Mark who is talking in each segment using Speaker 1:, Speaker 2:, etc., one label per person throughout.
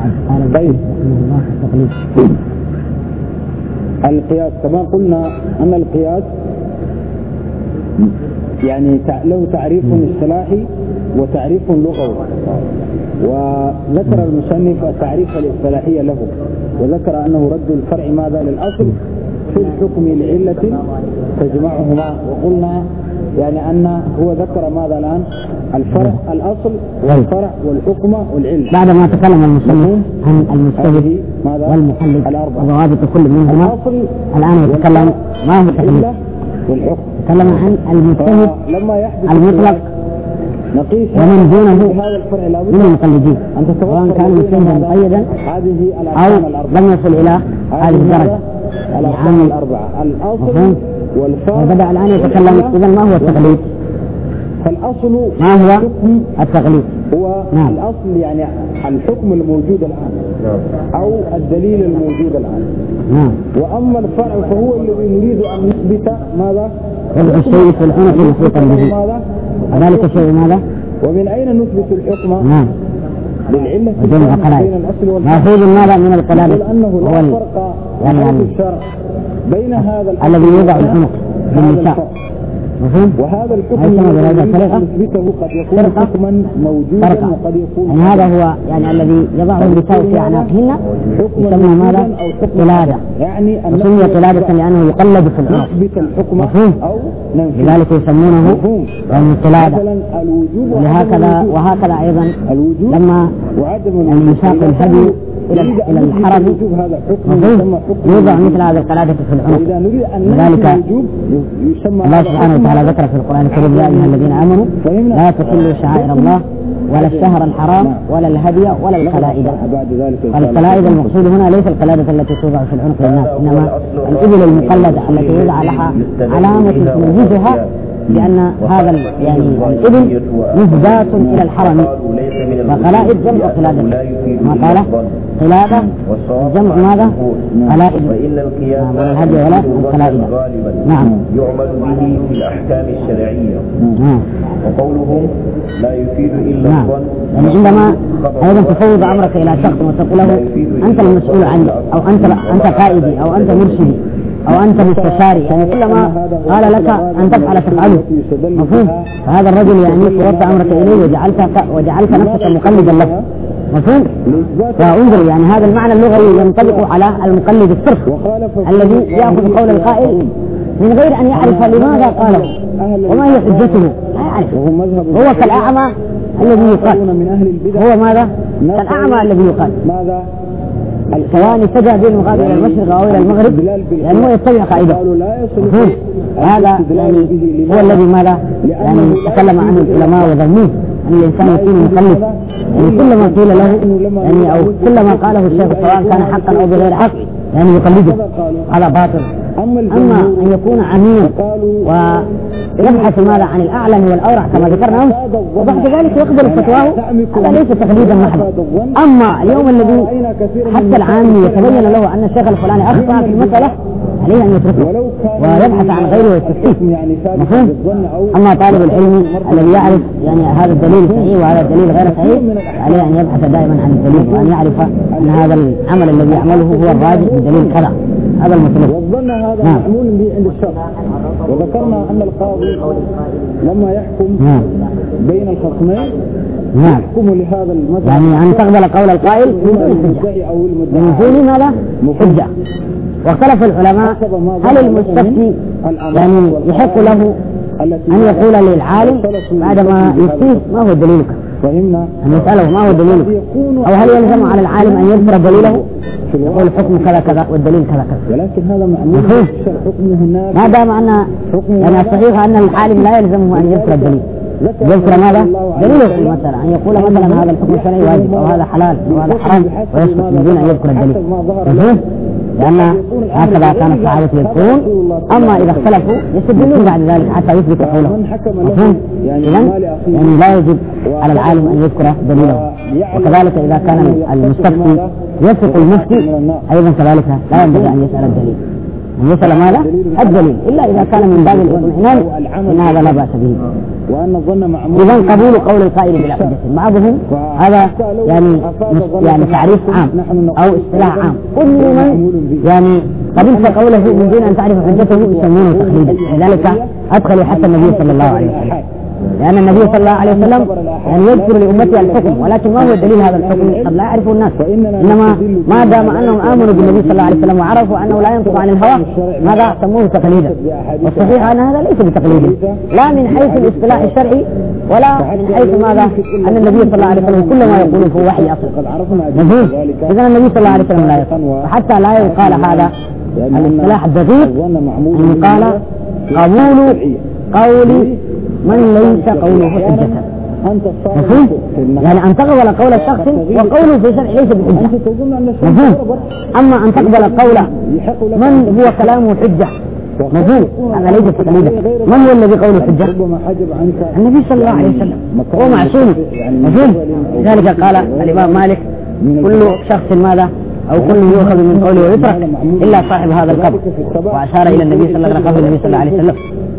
Speaker 1: بعد قال طيب الله
Speaker 2: القياس كما قلنا أن القياس يعني له تعريف اصطلاحي وتعريف لغوي وذكر المصنف التعريف الاصطلاحي له وذكر أنه رد الفرع ماذا للأصل في الحكم لعلة تجمعهما وقلنا يعني أن هو ذكر ماذا الآن الفرع الأصل والفرع والحكمة والعلم بعد ما تكلم المسلم
Speaker 1: عن المجتهد والمحلل وضوابط كل منهما الآن يتكلم ما هو التكليف والحكم تكلم عن المجتهد
Speaker 2: لما يحدث المطلق
Speaker 1: نقيس ومن دونه
Speaker 2: من المقلدين سواء كان مسلما مقيدا او لم يصل الى هذه الدرجه الأصل نعم.
Speaker 1: الأربعة الأصل والفرع بدأ الآن يتكلم إذا ما هو التقليد؟
Speaker 2: فالأصل ما هو
Speaker 1: التقليد؟ هو نعم.
Speaker 2: الأصل يعني الحكم الموجود الآن نعم. أو الدليل الموجود الآن نعم. وأما الفرع فهو الذي نريد أن نثبت ماذا؟ الشيء في العنق المحيط ماذا؟ ذلك الشيء ماذا؟ ومن أين نثبت الحكم؟ نعم
Speaker 3: بالعلة بين الأصل فيه من ماذا من القلال لأنه لا فرق يعني يعني
Speaker 2: بين هذا الذي يوضع العنق للنساء
Speaker 3: وهذا الحكم يثبته قد يكون حكما موجودا فرقة. وقد يكون يعني هذا هو يعني الذي يضعه النساء في اعناقهن يسمى ماذا؟
Speaker 1: قلاده يعني سمي قلاده لانه يقلد في الارض نثبت الحكم مفهوم او لذلك يسمونه قلاده يعني وهكذا وهكذا ايضا الوجوب لما وعدم يعني يساق الهدي إلى إلى الحرم يوضع مثل هذا القلادة في العنق لذلك الله سبحانه وتعالى ذكر في القرآن الكريم يا أيها الذين آمنوا لا تحلوا شعائر الله ولا الشهر الحرام نعم. ولا الهدي ولا القلائد القلائد المقصود هنا ليس القلادة التي توضع في العنق للناس إنما الإبل المقلدة التي يوضع لها علامة تميزها لأن هذا يعني الإبل مهداة إلى الحرم فقلائد جمع قلادة ما قال قلادة جمع ماذا؟ قلائد الهدي ولا القلائد نعم
Speaker 3: يعمل به في الأحكام الشرعية نعم. وقوله لا يفيد إلا نعم. يعني عندما
Speaker 1: أيضا تفوض أمرك إلى شخص وتقول له أنت المسؤول عني أو أنت أنت قائدي أو أنت مرشدي أو أنت مستشاري يعني كلما قال لك أن تفعل تفعله مفهوم فهذا الرجل يعني وضع أمرك إليه وجعلت وجعلت نفسك مقلدا له مفهوم؟ فانظر يعني هذا المعنى اللغوي ينطبق على المقلد الصرف الذي يأخذ قول القائل من غير أن يعرف لماذا قاله وما هي حجته لا يعرف هو كالأعمى الذي يقال هو ماذا؟ كالأعمى الذي يقال الثواني فجأة بين المغادرة إلى المشرق أو إلى المغرب لأنه يتبع قاعدة هذا يعني هو الذي ماذا يعني تكلم عنه العلماء وظنوه أن الإنسان يكون مخلف يعني إيه. كل ما قيل له يعني أو كل ما قاله الشيخ سواء كان حقا أو بغير حق يعني يقلده على باطل أما أن يكون عميق ويبحث ماذا عن الأعلم والأورع كما ذكرنا أمس وبعد ذلك يقبل فتواه هذا ليس تقليدا محضا أما اليوم الذي حتى العام يتبين له أن الشيخ الفلاني أخطأ في المسألة عليه أن يتركه ويبحث عن غيره ويستفيد يعني مفهوم أما طالب العلم الذي يعرف يعني هذا الدليل صحيح وهذا الدليل غير صحيح عليه أن يبحث دائما عن الدليل وأن يعرف أن هذا العمل الذي يعمله هو الراجح بدليل كذا هذا المطلوب هذا نعم. محمول
Speaker 2: عند الشرع وذكرنا أن القاضي لما يحكم نعم. بين الخصمين نعم يحكم لهذا المذهب يعني أن تقبل
Speaker 1: قول القائل
Speaker 2: من دون له
Speaker 1: حجة
Speaker 3: واختلف العلماء هل المستفتي يعني يحق له أن يقول للعالم بعدما يفتيه
Speaker 1: ما هو دليلك؟ وإما المسألة ما هو الدليل؟ أو هل يلزم على العالم أن يذكر دليله يقول حكم كذا كذا والدليل كذا كذا ولكن هذا معمول الحكم هناك ما دام أن يعني الصحيح أن العالم لا يلزمه أن يذكر الدليل يذكر ماذا؟ دليله في المسألة أن يقول مثلا هذا الحكم الشرعي واجب أو هذا حلال أو هذا حرام ويسكت من دون أن يذكر الدليل لأن هكذا كان الصحابة يذكرون أما إذا اختلفوا يسبون بعد ذلك حتى يثبتوا حوله مفهوم؟ إذا يعني لا يجب على العالم أن يذكر دليله وكذلك إذا كان المستفتي يثق المفتي أيضا كذلك لا ينبغي أن يسأل الدليل وصل ماذا؟ الدليل إلا إذا كان من باب الاطمئنان أن هذا لا بأس به
Speaker 2: وأن الظن معمول إذا قبول قول القائل بلا حجة
Speaker 1: نعم. بعضهم هذا يعني يعني تعريف عام أو اصطلاح عام كل من يعني قبلت قوله من دون أن تعرف حجته يسمونه تقليدا لذلك أدخلوا حتى النبي صلى الله عليه وسلم لأن النبي صلى الله عليه وسلم يعني يذكر لأمته الحكم ولكن ما هو دليل هذا الحكم قد لا يعرفه الناس إنما ما دام أنهم آمنوا بالنبي صلى الله عليه وسلم وعرفوا أنه لا ينطق عن الهوى ماذا سموه تقليدا والصحيح أن هذا ليس بتقليد لا من حيث الاصطلاح الشرعي ولا من حيث ماذا أن النبي صلى الله عليه وسلم كل ما يقوله هو وحي أصلا نجوز إذا النبي صلى الله عليه وسلم لا يقول وحتى لا يقال هذا الاصطلاح الدقيق أن يقال قبول قولي من ليس قوله حجة مفهوم؟ يعني أن تقبل قول الشخص وقوله في الشرع ليس بحجة مفهوم؟ أما أن تقبل قول من هو كلامه حجة مفهوم هذا ليس تقليدا من هو الذي قوله حجة؟ النبي صلى الله عليه وسلم هو معصوم مفهوم؟ لذلك قال الإمام مالك كل شخص ماذا؟ أو كل يؤخذ من قوله ويترك إلا صاحب هذا القبر وأشار إلى النبي صلى الله عليه وسلم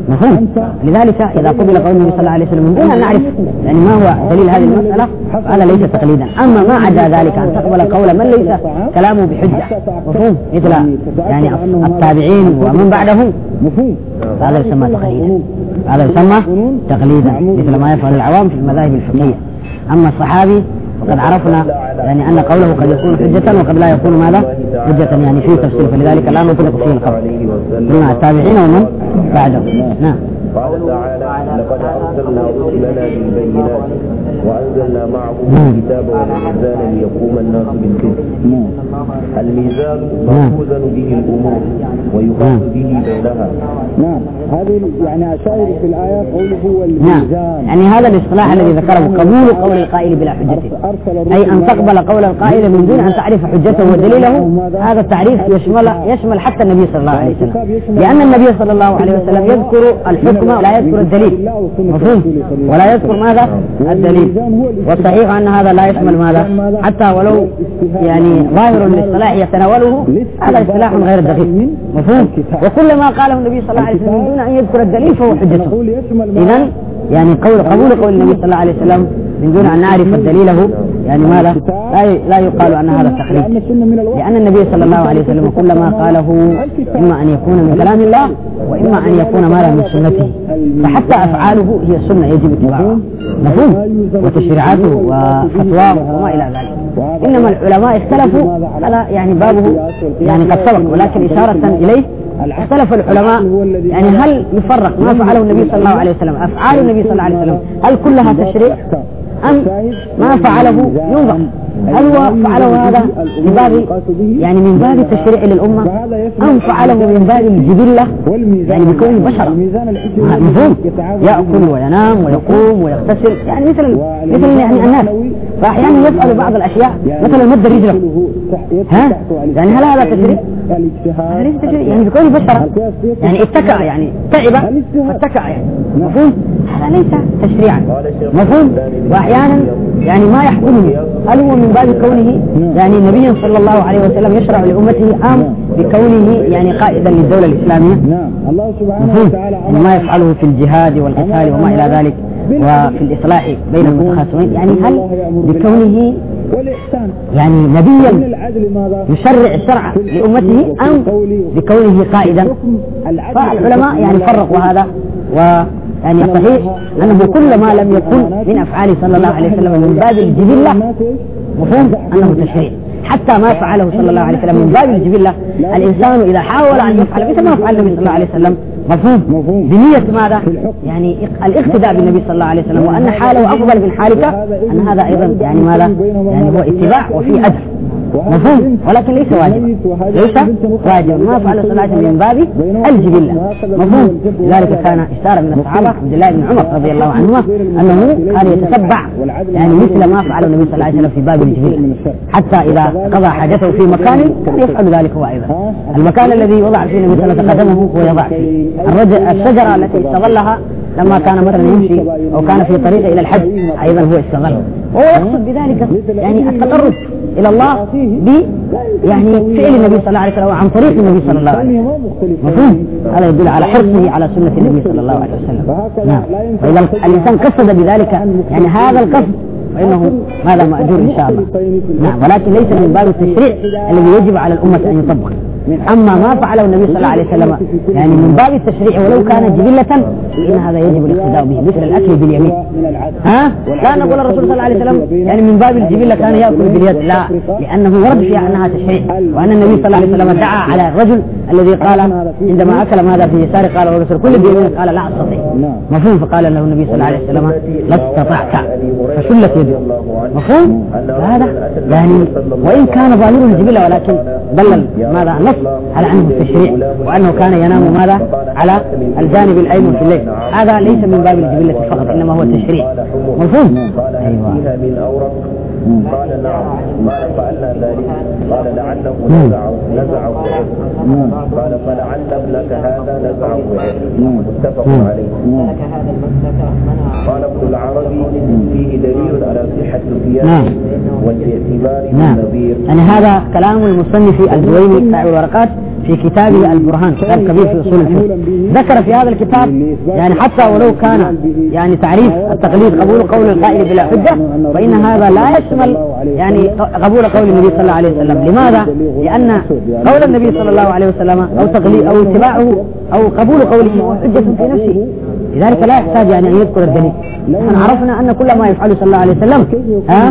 Speaker 1: مفهوم لذلك إذا قبل قول النبي صلى الله عليه وسلم من دون أن نعرف يعني ما هو دليل هذه المسألة هذا ليس تقليدا أما ما عدا ذلك أن تقبل قول من ليس كلامه بحجة مفهوم مثل يعني التابعين ومن بعدهم مفهوم هذا يسمى تقليدا
Speaker 4: هذا يسمى تقليدا مثل ما
Speaker 1: يفعل العوام في المذاهب الفقهية أما الصحابي قد عرفنا يعني أن قوله قد يكون حجة وقد لا يكون ماذا حجة يعني في تفصيل فلذلك لا نطلق فيه القول قلنا التابعين ومن بعدهم نعم
Speaker 3: قال تعالى لقد أرسلنا رسلنا بالبينات وأنزلنا معهم الكتاب والميزان ليقوم الناس بالقسط الميزان توزن به الأمور ويقاس به بينها نعم هذه يعني أشار
Speaker 2: في الآية قوله هو الميزان نعم. يعني هذا الاصطلاح الذي ذكره قبول قول القائل بلا حجته أي أن تقبل قول القائل من دون أن تعرف حجته ودليله
Speaker 1: هذا التعريف يشمل يشمل حتى النبي صلى الله عليه وسلم لأن النبي صلى الله عليه وسلم يذكر الحجة أحدهما لا يذكر الدليل مفهوم ولا يذكر ماذا الدليل والصحيح أن هذا لا يشمل ماذا حتى ولو يعني ظاهر للصلاح يتناوله هذا اصطلاح غير دقيق مفهوم وكل ما قاله النبي صلى الله عليه وسلم دون أن يذكر الدليل فهو حجته إذا يعني قول قبول قول النبي صلى الله عليه وسلم من دون أن نعرف دليله يعني ماذا لا لا يقال أن هذا تخريج لأن النبي صلى الله عليه وسلم كل ما قاله إما أن يكون من كلام الله وإما أن يكون مالا من سنته فحتى أفعاله هي سنة يجب اتباعها مفهوم وتشريعاته وفتواه وما إلى ذلك إنما العلماء اختلفوا هذا يعني بابه يعني قد سبق ولكن إشارة إليه اختلف العلماء يعني هل يفرق ما فعله النبي صلى الله عليه وسلم أفعال النبي صلى الله عليه وسلم هل كلها تشريع أم ما فعله ينظر هل هو فعله هذا من باب يعني من باب التشريع للأمة أم فعله من باب الجبلة يعني بكون بشرة مفهوم يأكل وينام ويقوم ويغتسل يعني مثل مثل يعني الناس فاحيانا يسالوا بعض الاشياء يعني مثلا مد رجله ها يعني هل هذا تجري؟ ليس يعني بكون بشرة يعني اتكأ يعني تعب فاتكأ يعني نعم. مفهوم؟ هذا ليس تشريعا مفهوم؟ واحيانا يعني, يعني ما يحكمه هل هو من باب كونه نعم. يعني نبيا صلى الله عليه وسلم يشرع لامته ام نعم. بكونه يعني قائدا للدوله الاسلاميه؟ نعم
Speaker 4: الله سبحانه وتعالى ما
Speaker 1: يفعله في الجهاد والقتال وما الى ذلك وفي الإصلاح بين المتخاصمين يعني هل لكونه يعني نبيا يشرع الشرع لأمته أم لكونه قائدا فالعلماء يعني فرقوا هذا و يعني صحيح أنه كل ما لم يكن من أفعاله صلى الله عليه وسلم من باب الجبلة مفهوم أنه تشريع حتى ما فعله صلى الله عليه وسلم من باب الجبلة الإنسان إذا حاول أن يفعل مثل ما فعل النبي صلى الله عليه وسلم مفهوم مفهوم بنية ماذا؟ يعني الاقتداء بالنبي صلى الله عليه وسلم وأن حاله أفضل من حالك أن هذا أيضا يعني ماذا؟ يعني هو اتباع وفي أجر مفهوم ولكن ليس واجبا ليس واجبا ما فعل صلاة من باب الجبلة مفهوم لذلك كان اشتهر من الصحابة عبد الله بن عمر رضي الله عنه أنه كان يتتبع يعني مثل ما فعل النبي صلى الله عليه وسلم في باب الجبلة حتى إذا قضى حاجته في مكان كان يفعل ذلك هو أيضا المكان الذي وضع فيه النبي صلى الله عليه وسلم قدمه هو يضع فيه الشجرة التي استظلها لما كان مثلا يمشي أو كان في طريقه إلى الحج أيضا هو استغل وهو يقصد بذلك يعني التقرب إلى الله ب يعني فعل النبي صلى الله عليه وسلم عن طريق النبي صلى الله عليه وسلم مفهوم هذا يدل على حرصه على سنة النبي صلى الله عليه وسلم نعم فإذا الإنسان قصد بذلك يعني هذا القصد فإنه هذا مأجور إن شاء الله نعم ولكن ليس من باب التشريع الذي يجب على الأمة أن يطبق من عما ما فعله النبي صلى الله عليه وسلم يعني من باب التشريع ولو كان جبلة فإن هذا يجب الاقتداء به مثل الأكل باليمين ها؟ كان يقول الرسول صلى الله عليه وسلم يعني من باب الجبلة كان يأكل باليد لا لأنه ورد فيها أنها تشريع وأن النبي صلى الله عليه وسلم دعا على الرجل الذي قال عندما أكل ماذا في يساره قال الرسول كل باليمين قال لا أستطيع مفهوم فقال له النبي صلى الله عليه وسلم لا استطعت فشلت يده مفهوم هذا يعني وإن كان ظاهره الجبلة ولكن بل ماذا على أنه التشريع وأنه كان ينام ماذا على الجانب الأيمن في الليل
Speaker 3: هذا ليس من باب الجبلة فقط إنما هو تشريع مفهوم أيوة قال نعم قال فعلنا ذلك قال لعله نزع نزع قال فلعل ابنك هذا نزعه متفق عليه قال ابن العربي فيه دليل على صحة القياس والاعتبار بالنظير يعني هذا
Speaker 1: كلام المصنف الجويني بتاع الورقات في كتابه البرهان كتاب كبير في اصول الفقه ذكر في هذا الكتاب يعني حتى ولو كان يعني تعريف التقليد قبول قول القائل بلا حجه فان هذا لا يشمل يحتمل يعني قبول قول النبي صلى الله عليه وسلم لماذا؟ لأن قول النبي صلى الله عليه وسلم أو تغليب أو اتباعه أو قبول قوله حجة في نفسه لذلك لا يحتاج يعني أن يذكر الدليل نحن عرفنا أن كل ما يفعله صلى الله عليه وسلم ها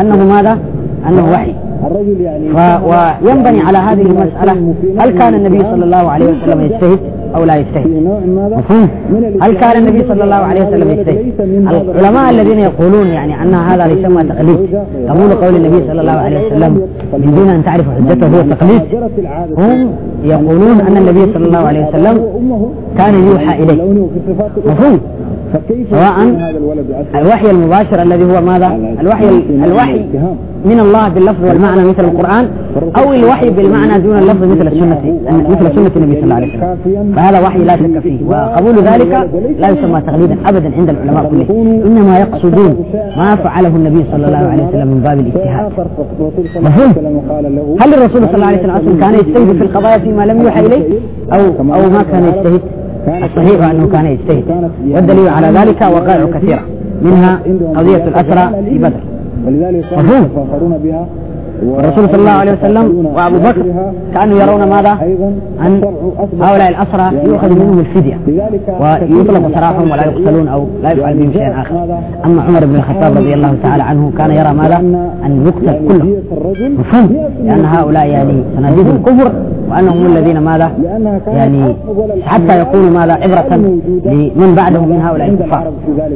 Speaker 1: أنه ماذا؟ أنه وحي الرجل يعني وينبني على هذه المسألة هل كان النبي صلى الله عليه وسلم يجتهد أو لا يشتهي هل كان النبي صلى الله عليه وسلم يشتهي العلماء الذين يقولون يعني أن هذا ليس ما تقليد قبول قول النبي صلى الله عليه وسلم من دون أن تعرف حجته هو تقليد هم يقولون أن النبي صلى الله عليه وسلم كان يوحى إليه مفهوم سواء الوحي المباشر الذي هو ماذا الوحي الوحي من الله باللفظ والمعنى مثل القرآن أو الوحي بالمعنى دون اللفظ مثل السنة مثل سنة النبي صلى الله عليه وسلم فهذا وحي لا شك فيه وقبول ذلك لا يسمى تقليدا أبدا عند العلماء كلهم إنما يقصدون ما فعله النبي صلى الله عليه وسلم من باب الاجتهاد مفهوم هل الرسول صلى الله عليه وسلم كان يجتهد في القضايا في ما لم يوحى إليه أو, أو ما كان يجتهد الصحيح أنه كان يجتهد والدليل على ذلك وقائع كثيرة منها قضية الأسرى في بدر
Speaker 2: ولذلك يقال بها الرسول صلى الله عليه وسلم وابو بكر كانوا يرون ماذا؟ ان هؤلاء الاسرى يؤخذ منهم
Speaker 1: الفديه ويطلق سراحهم ولا يقتلون او لا يفعل بهم شيء اخر اما عمر بن الخطاب رضي الله تعالى عنه كان يرى ماذا؟ ان يقتل كلهم مفهوم لان هؤلاء يعني صناديد الكفر وانهم الذين ماذا؟ يعني حتى يكونوا ماذا عبره لمن بعدهم من هؤلاء الكفار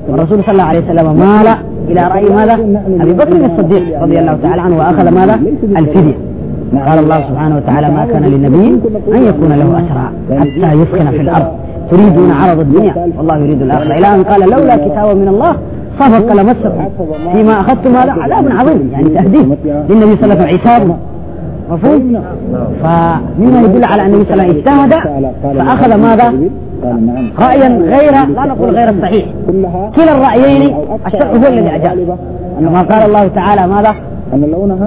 Speaker 1: الرسول صلى الله عليه وسلم مال إلى رأي ماذا أبي بكر الصديق رضي الله تعالى عنه وأخذ ماذا الفدية قال الله سبحانه وتعالى ما كان للنبي أن يكون له أسرى حتى يسكن في الأرض تريدون عرض الدنيا والله يريد الآخرة إلى أن قال لولا كتاب من الله صفق لمسكم فيما أخذتم هذا عذاب عظيم يعني تهديد للنبي صلى الله عليه وسلم مفهوم؟ نعم. فمما يدل على أن النبي اجتهد فأخذ ماذا؟ نعم. رأيا غير لا نقول غير الصحيح كلا الرأيين الشرع هو الذي أجاب كما قال الله تعالى ماذا؟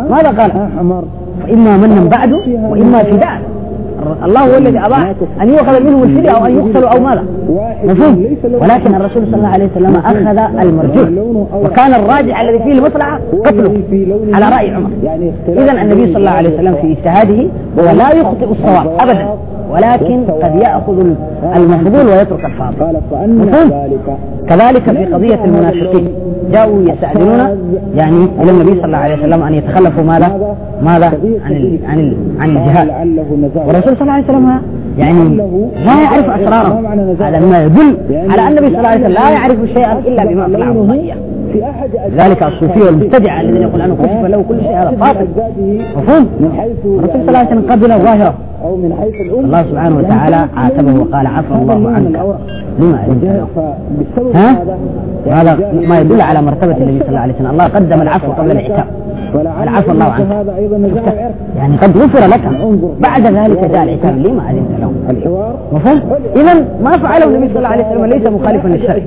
Speaker 1: ماذا قال؟ إما فإما بعده بعد وإما فداء الله هو الذي أباح أن يؤخذ منهم الفدية أو أن يقتلوا أو ماذا مفهوم ولكن الرسول صلى الله عليه وسلم أخذ المرجوح وكان الراجع الذي فيه المصلحة قتله على رأي عمر إذا النبي صلى الله عليه وسلم في اجتهاده هو لا يخطئ الصواب أبدا ولكن قد يأخذ المفضول ويترك الفاضل مفهوم
Speaker 3: كذلك في قضية المنافقين جاءوا يستأذنون يعني إلى النبي صلى الله عليه وسلم أن يتخلفوا ماذا
Speaker 1: ماذا عن الـ عن الـ عن الجهاد والرسول صلى الله عليه وسلم يعني لا يعرف أسراره هذا ما يدل على أن النبي صلى الله عليه وسلم لا يعرف شيئا إلا بما طلعه الله ذلك الصوفية والمستدعى الذين يقول أنا كشف له كل شيء هذا باطل مفهوم الرسول صلى الله عليه وسلم الظاهرة أو من حيث الأم الله سبحانه وتعالى عاتبه وقال عفى الله عنك لما ها؟ هذا ما يدل على مرتبة النبي صلى الله عليه وسلم الله قدم العفو قبل العتاب العفو الله عنك يعني قد غفر لك بعد ذلك جاء العتاب لما أذنت له مفهوم؟ إذا ما فعله النبي صلى الله عليه وسلم ليس مخالفا للشرع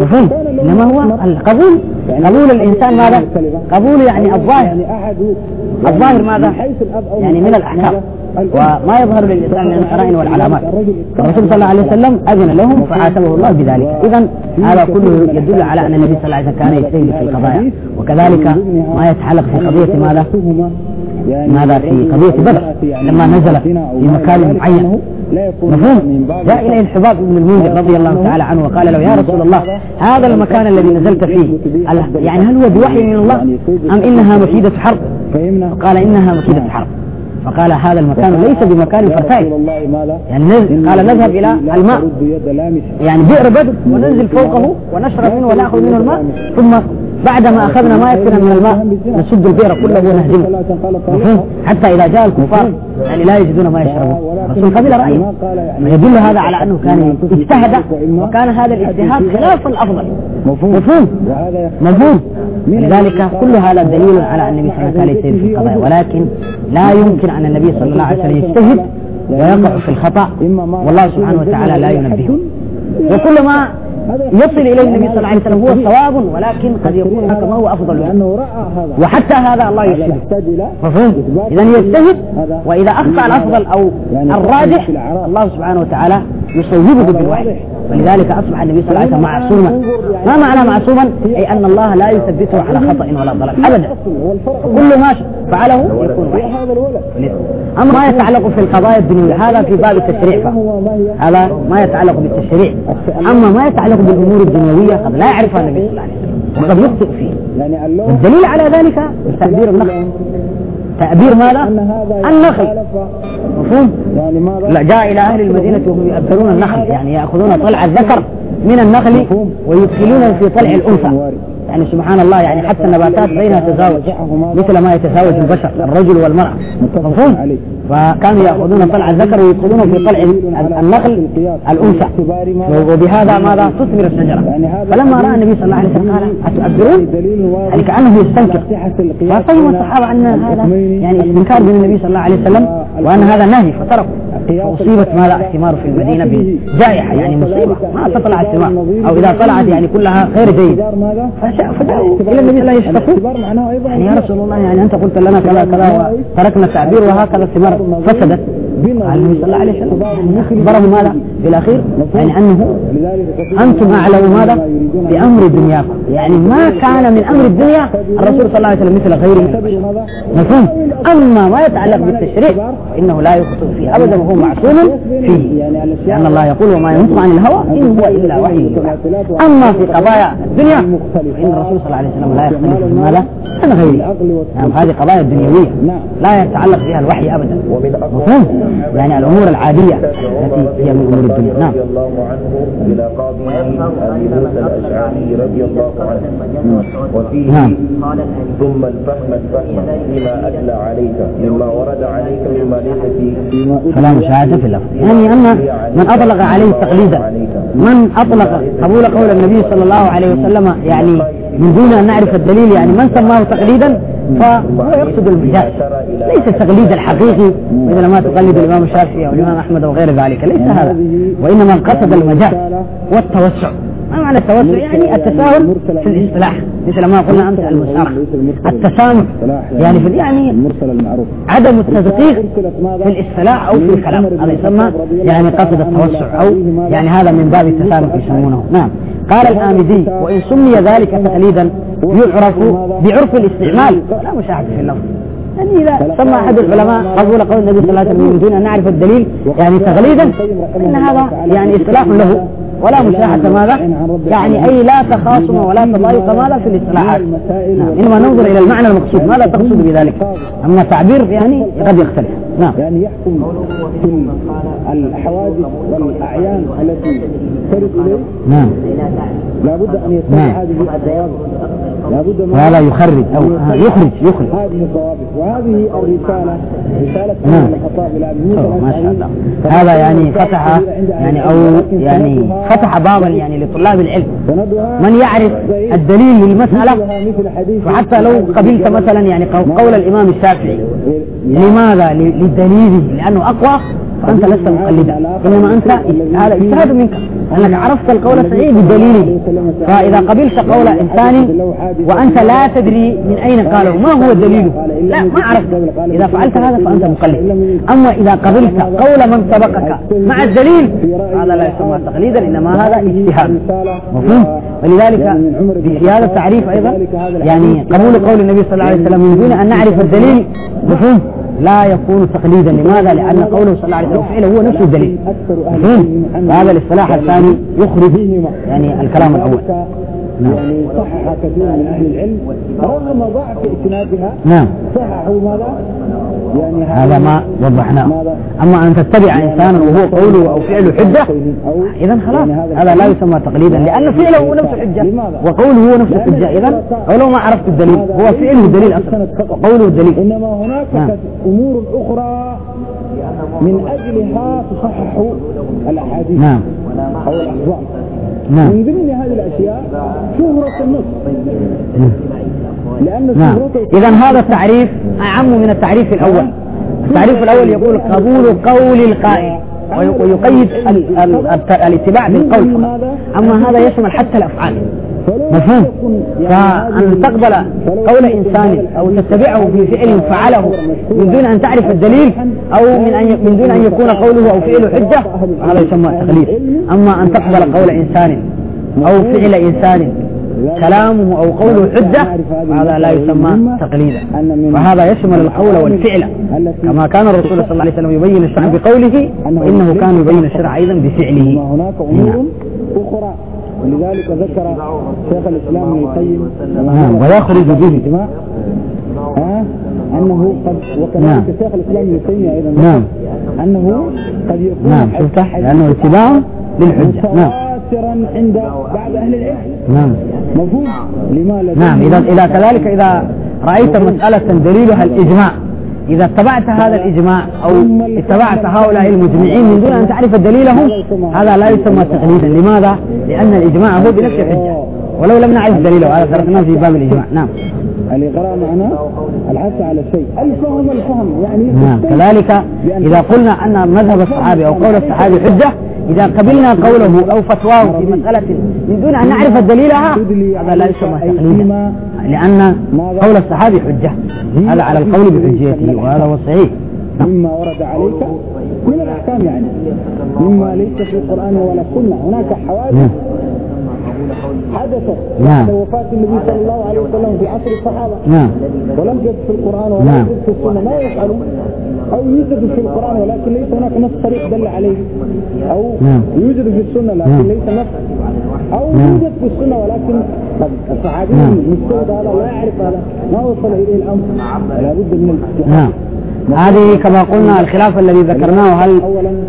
Speaker 1: مفهوم؟ إنما هو القبول يعني قبول الإنسان ماذا؟ قبول يعني الظاهر يعني الظاهر ماذا؟ يعني من الأحكام وما يظهر للإنسان من القرائن والعلامات الرسول صلى الله عليه وسلم أذن لهم فعاتبه الله بذلك إذا هذا كله يدل على أن النبي صلى الله عليه وسلم كان يجتهد في القضايا وكذلك ما يتعلق في قضية ماذا؟ يعني ماذا في قضية بدر يعني لما نزلت في مكان يعني معين مفهوم جاء إليه الحباب بن المنذر رضي الله تعالى عنه وقال له يا رسول الله هذا المكان الذي نزلت فيه يعني هل هو بوحي من الله أم إنها مكيدة حرب قال إنها مكيدة نعم. حرب فقال هذا المكان ليس بمكان فرسائل يعني نزل قال نذهب إلى الماء
Speaker 2: يعني بئر بدر وننزل فوقه ونشرب منه ونأخذ منه الماء
Speaker 1: ثم بعدما أخذنا ما يكفينا من الماء نسد البئر كله ونهدمه حتى إذا جاء الكفار يعني لا يجدون ما يشربون رسول قبل رأيه يدل هذا على أنه كان اجتهد وكان هذا الاجتهاد خلاف الأفضل مفهوم مفهوم لذلك كل هذا دليل على أن النبي صلى الله عليه وسلم كان في القضاء ولكن لا يمكن أن النبي صلى الله عليه وسلم يجتهد ويقع في الخطأ والله سبحانه وتعالى لا ينبهه وكل ما يصل إليه النبي صلى الله عليه وسلم هو صواب ولكن قد يكون كما هو أفضل منه وحتى هذا الله يشهد إذا يجتهد وإذا أخطأ الأفضل أو يعني الراجح الله سبحانه وتعالى يصوبه بالوحي ولذلك أصبح النبي صلى الله عليه وسلم معصوما ما معنى معصوما أي أن الله لا يثبته على خطأ ولا ضلال أبدا كل ما فعله يكون وحيد أما ما يتعلق في القضايا الدنيوية هذا في باب التشريع فقط هذا ما يتعلق بالتشريع أما ما يتعلق بالأمور الدنيوية قد لا يعرفها النبي صلى الله عليه وسلم وقد يخطئ فيه الدليل على ذلك تهدير النخل تأبير هذا النخل مفهوم؟ يعني لا جاء إلى أهل المدينة وهم يأبرون النخل يعني يأخذون طلع الذكر من النخل ويدخلونه في طلع الأنثى يعني سبحان الله يعني حتى النباتات بينها تزاوج مثل ما يتزاوج البشر الرجل والمرأة مفهوم فكانوا يأخذون طلع الذكر ويدخلونه في طلع النخل الأنثى وبهذا ماذا تثمر الشجرة فلما رأى النبي صلى الله عليه وسلم قال أتؤذرون يعني كأنه يستنكر ففهم الصحابة أن هذا يعني استنكار من النبي صلى الله عليه وسلم وأن هذا نهي فتركوا فأصيبت ماذا الثمار في المدينة بجائحة يعني مصيبة ما تطلع الثمار أو إذا طلعت يعني كلها غير جيدة يعني يا رسول الله يعني أنت قلت لنا كذا كذا وتركنا التعبير وهكذا الثمار فسدت بما عليه صلى الله عليه وسلم أخبره ماذا في الأخير يعني أنه أنتم أعلم ماذا بأمر دنياكم يعني ما كان من أمر الدنيا الرسول صلى الله عليه وسلم مثل غيره مفهوم أما ما يتعلق بالتشريع إنه لا يخطئ فيه أبدا وهو معصوم فيه لأن يعني الله يقول وما ينطق عن الهوى إن هو إلا وحي أما في قضايا الدنيا فإن الرسول صلى الله عليه وسلم لا يختلف في ماذا عن غيره يعني هذه قضايا دنيوية لا يتعلق بها الوحي أبدا
Speaker 3: مفهوم يعني الأمور العادية التي هي من أمور الدنيا نعم رضي الله عنه إلى قاضيه أبي موسى الأشعري رضي الله عنه وفيه نعم. ثم الفهم الفهم فيما أدلى عليك مما ورد عليك مما ليس فيه فلا مشاهدة
Speaker 1: في اللفظ يعني أن من أطلق عليه تقليدا من أطلق قبول قول النبي صلى الله عليه وسلم يعني من دون أن نعرف الدليل يعني من سماه تقليدا فهو يقصد المجاز ليس التقليد الحقيقي مثل ما تقلد الإمام الشافعي أو الإمام أحمد أو غير ذلك ليس هذا وإنما قصد المجاز والتوسع ما معنى التوسع؟ يعني التساهل في الاصطلاح مثل ما قلنا امس المسامح التسامح يعني في يعني عدم التدقيق في الاصطلاح او في الكلام هذا يسمى يعني قصد التوسع او يعني هذا من باب التسامح يسمونه نعم قال الآمدي وإن سمي ذلك تقليدا يعرف بعرف الاستعمال يعني لا مشاهد في اللفظ يعني إذا سمى أحد العلماء قبول قول النبي صلى الله عليه وسلم من دون أن نعرف الدليل يعني تغليدا فإن هذا يعني اصطلاح له ولا مشاحة ماذا؟ يعني أي لا تخاصم ولا تضايق ماذا في الاصطلاحات نعم إنما ننظر إلى المعنى المقصود ماذا تقصد بذلك أما تعبير يعني قد يختلف نعم يعني يحكم
Speaker 2: الحوادث والأعيان التي ترد إليه نعم لابد أن يتبع نعم. هذه الضوابط لا يخرج أو يخرج يخرج هذه
Speaker 1: الضوابط وهذه الرسالة رسالة نعم ما شاء الله هذا يعني فتح يعني أو يعني فتح بابا يعني لطلاب العلم من يعرف الدليل للمسألة وحتى لو قبلت مثلا يعني نعم. قول الإمام الشافعي يعني لماذا لدليله لأنه أقوى فأنت لست مقلدا إنما أنت هذا اجتهاد منك أنك عرفت القول الصحيح بدليله فإذا قبلت قول إنسان وأنت لا تدري من أين قاله ما هو دليله لا ما عرفت إذا فعلت هذا فأنت مقلد أما إذا قبلت قول من سبقك مع الدليل هذا لا يسمى تقليدا إنما هذا اجتهاد مفهوم ولذلك في هذا التعريف أيضا يعني قبول قول النبي صلى الله عليه وسلم من دون أن نعرف الدليل مفهوم لا يكون تقليدا لماذا؟ لأن قوله صلى الله عليه وسلم هو نفس الدليل هذا الاصطلاح الثاني يخرج يعني الكلام الأول
Speaker 2: يعني صحح كثير من أهل العلم رغم ضعف إسنادها
Speaker 1: نعم صححوا ماذا؟ يعني هذا ما وضحناه أما أن تتبع إنسانا وهو قوله أو فعله حجة إذا خلاص هذا لا يسمى تقليدا لأن فعله هو نفسه حجة وقوله هو نفسه حجة إذا ولو ما عرفت الدليل هو فعله الدليل أصلا
Speaker 2: وقوله الدليل إنما هناك نعم.
Speaker 1: أمور أخرى من
Speaker 2: أجلها تصحح الأحاديث نعم أو الأحوال نعم. من ضمن هذه الأشياء شهرة النص
Speaker 3: لأن نعم. إذا
Speaker 2: هذا
Speaker 1: التعريف أعم من التعريف الأول التعريف الأول يقول قبول قول القائل ويقيد الاتباع بالقول أما هذا يشمل حتى الأفعال مفهوم فأن تقبل قول إنسان أو تتبعه في فعل فعله من دون أن تعرف الدليل أو من, أن من دون أن يكون قوله أو فعله حجة هذا يسمى تقليد أما أن تقبل قول إنسان أو فعل إنسان كلامه أو قوله حجة هذا لا يسمى تقليدا وهذا يشمل القول والفعل كما كان الرسول صلى الله عليه وسلم يبين الشرع بقوله وإنه كان يبين الشرع أيضا بفعله هناك أمور أخرى
Speaker 2: ولذلك ذكر شيخ الإسلام ابن القيم نعم، ويخرج به آه، أنه قد وكذلك نعم. شيخ الإسلام ابن القيم أيضا نعم أنه قد يكون نعم شفت لأنه اتباع للحجة نعم متواترا عند بعض
Speaker 1: أهل العلم نعم مفهوم لما نعم إذا إذا كذلك إذا رأيت مسألة دليلها الإجماع إذا اتبعت هذا الإجماع أو اتبعت هؤلاء المجمعين من دون أن تعرف دليلهم هذا لا يسمى تقليدا لماذا؟ لأن الإجماع هو بنفس الحجة ولو لم نعرف دليله هذا تركناه في باب الإجماع نعم الإقراء يعني معنا
Speaker 2: العكس على الشيء الفهم الفهم يعني نعم كذلك إذا قلنا أن مذهب الصحابي أو قول الصحابي حجة
Speaker 1: إذا قبلنا قوله أو فتواه في مسألة من دون أن نعرف دليلها هذا لا يسمى تقليدا لأن قول الصحابي حجة هذا على القول بحجيته وهذا هو الصحيح نعم. مما ورد عليك من
Speaker 2: الأحكام يعني مما ليس في القرآن ولا السنة هناك حوادث نعم. حدثت نعم وفاة النبي صلى الله عليه وسلم في عصر الصحابة نعم ولم يجد في القرآن ولا نعم. يجد في السنة ما يفعل أو يوجد في القرآن ولكن ليس هناك نص طريق دل عليه أو نعم. يوجد في السنة لكن نعم. ليس نص أو نعم. يوجد في السنة ولكن الصحابي نعم. مستوى هذا لا يعرف هذا ما وصل إليه الأمر لابد من نعم.
Speaker 1: الاجتهاد هذه كما قلنا الخلاف الذي ذكرناه هل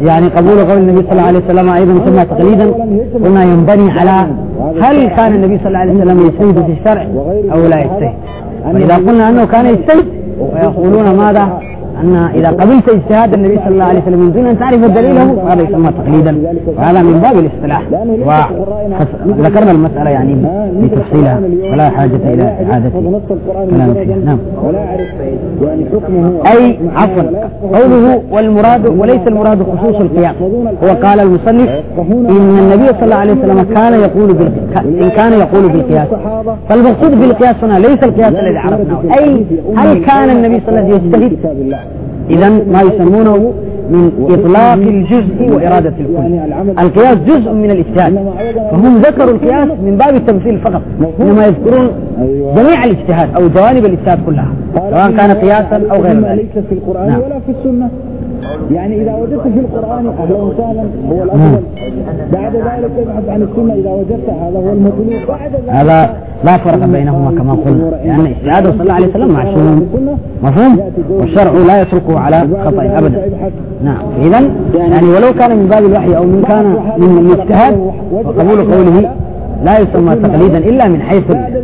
Speaker 1: يعني قبول قول النبي صلى الله عليه وسلم أيضا ثم تقليدا قلنا ينبني على هل كان النبي صلى الله عليه وسلم يجتهد في الشرع أو لا يجتهد فاذا قلنا أنه كان يجتهد ويقولون ماذا أن إذا قبلت اجتهاد النبي صلى الله عليه وسلم من دون أن تعرف دليله فهذا يسمى تقليدا وهذا من باب الاصطلاح وذكرنا المسألة يعني بتفصيلها ولا حاجة إلى إعادته كلام نعم
Speaker 3: أي عفوا قوله والمراد وليس المراد خصوص القيام هو قال المصنف إن النبي صلى الله عليه وسلم كان يقول
Speaker 1: إن كان يقول بالقياس فالمقصود بالقياس هنا ليس القياس الذي عرفناه أي هل كان النبي صلى الله عليه وسلم يجتهد إذا ما يسمونه من إطلاق الجزء يعني وإرادة الكل يعني القياس جزء من الاجتهاد فهم ذكروا القياس من باب التمثيل فقط إنما يذكرون أيوة. جميع الاجتهاد أو جوانب الاجتهاد كلها سواء كان قياسا أو غير ذلك
Speaker 2: ليس في القرآن نعم. ولا في السنة يعني إذا وجدت في القرآن أهلا وسهلا هو الأول بعد ذلك تبحث عن السنة إذا وجدت هذا هو المطلوب بعد
Speaker 1: ذلك هذا لا فرق بينهما كما قلنا يعني اجتهاده صلى الله عليه وسلم معشوم مفهوم والشرع لا يسلكه على خطأ أبدا نعم إذا يعني ولو كان من باب الوحي أو من كان من الاجتهاد فقبول قوله لا يسمى تقليدا إلا من حيث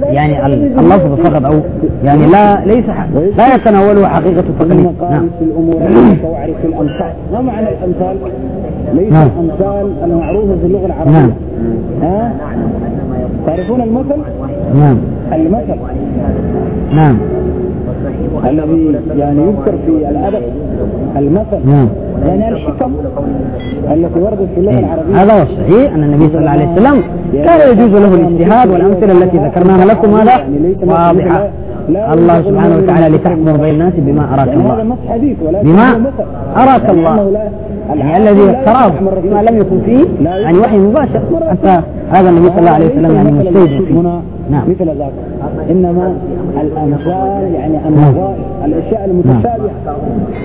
Speaker 1: يعني اللفظ فقط أو يعني لا ليس لا يتناوله حقيقة التقليد نعم في الأمور كوعرف الأمثال ما معنى
Speaker 2: الأمثال؟ ليس نعم. الأمثال المعروفة في اللغة العربية نعم ها؟ تعرفون المثل؟ نعم المثل نعم, نعم. الذي يعني يذكر في الأدب المثل يعني الحكم التي وردت في اللغة إيه. العربية هذا هو الصحيح أن النبي صلى الله عليه وسلم يعني كان يجوز
Speaker 1: يعني له الاجتهاد والأمثلة يعني التي ذكرناها لكم هذا واضحة الله سبحانه وتعالى لتحكم بين الناس بما أراك الله بما أراك الله يعني الذي اقتراب بما لم يكن فيه يعني وحي مباشر حتى هذا النبي صلى الله عليه وسلم يعني مجتهد فيه نعم. مثل ذاك إنما نعم. الأمثال نعم. يعني النظائر نعم. الأشياء المتشابهة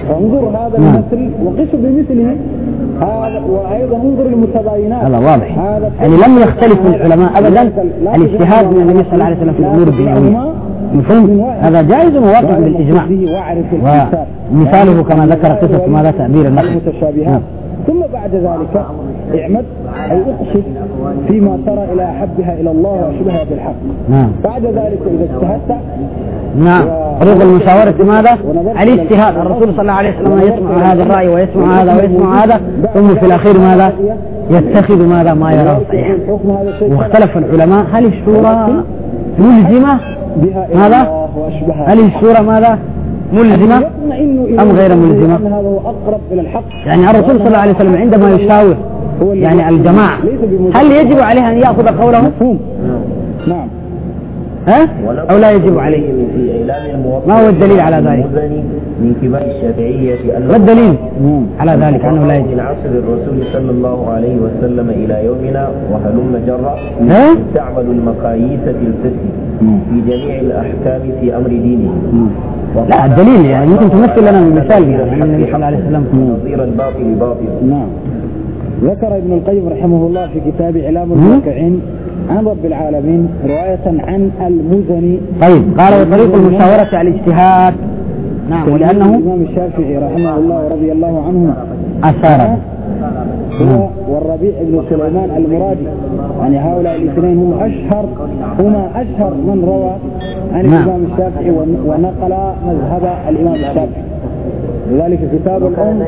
Speaker 1: فانظر هذا المثل وقس بمثله
Speaker 2: هذا وأيضا انظر المتباينات هذا واضح يعني لم يختلف العلماء أبدا الاجتهاد من
Speaker 1: النبي صلى الله عليه وسلم في الأمور الدنيوية مفهوم هذا جائز وواقع بالإجماع ومثاله كما ذكر قصة ماذا تامير النخل المتشابهات
Speaker 2: ثم بعد ذلك اعمد أي اقصد فيما ترى إلى أحبها إلى الله وأشبهها بالحق نعم. بعد ذلك إذا اجتهدت
Speaker 3: نعم طريق
Speaker 2: المشاورة
Speaker 1: ماذا؟ الاجتهاد الرسول صلى الله عليه وسلم يسمع هذا الرأي ويسمع هذا ويسمع هذا ثم في الأخير ماذا؟ يتخذ ماذا ما يراه صحيحا واختلف العلماء هل الشورى ملزمة ماذا؟ هل الشورى ماذا؟ ملزمة أم غير ملزمة
Speaker 2: يعني الرسول صلى الله عليه وسلم عندما يشاور يعني الجماعة هل يجب عليه أن يأخذ قوله
Speaker 3: نعم ها أو لا يجب عليه ما هو الدليل على ذلك من كبار الشافعية أنه والدليل نعم. على ذلك أنه لا يجوز من عصر الرسول صلى الله عليه وسلم إلى يومنا وهلم جرا يستعمل المقاييس في الفقه نعم. في جميع الأحكام في أمر دينه نعم. لا الدليل يعني ممكن تمثل لنا المثال يعني النبي صلى الله عليه وسلم نظير الباطل باطل
Speaker 2: نعم ذكر ابن القيم رحمه الله في كتابه إعلام الواقعين عن رب العالمين رواية عن المزني طيب قال وطريق المشاورة على الاجتهاد نعم ولأنه الإمام الشافعي رحمه الله ورضي الله عنه أثار نعم. والربيع بن سليمان المرادي يعني هؤلاء الاثنين هم أشهر هما أشهر من روى عن نعم. الإمام الشافعي ونقل مذهب الإمام الشافعي لذلك كتاب الأم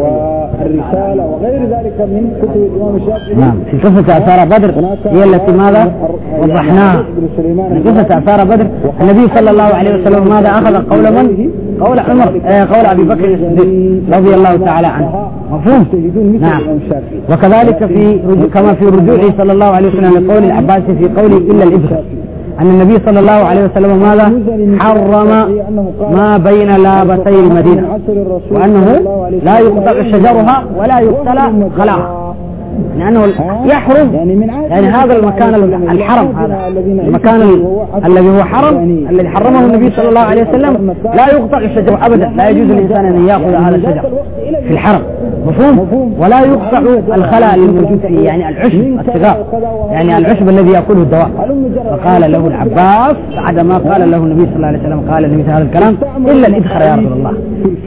Speaker 2: والرسالة وغير ذلك من كتب الإمام الشافعي نعم في قصة أثار
Speaker 1: بدر هي التي ماذا وضحناها في قصة أثار بدر النبي صلى الله عليه وسلم ماذا أخذ قول من؟ قول عمر آه، قول أبي بكر الصديق رضي الله تعالى عنه مفهوم نعم وكذلك في كما في رجوعه صلى الله عليه وسلم لقول العباس في قوله إلا الإبرة أن النبي صلى الله عليه وسلم ماذا حرم ما بين لابتي المدينة وأنه لا يقطع شجرها ولا يقتل خلاها لأنه يحرم يعني, من يعني هذا المكان الحرم هذا المكان الذي هو حرم الذي حرمه يعني النبي صلى الله عليه وسلم لا يقطع الشجر يعني أبدا لا يجوز للإنسان أن يعني يأخذ هذا الشجر في الحرم مفهوم ولا يقطع الخلاء الموجود فيه يعني العشب الصغار يعني العشب الذي يأكله الدواء فقال له العباس بعد ما قال له النبي صلى الله عليه وسلم قال النبي هذا الكلام إلا الإدخر يا رسول الله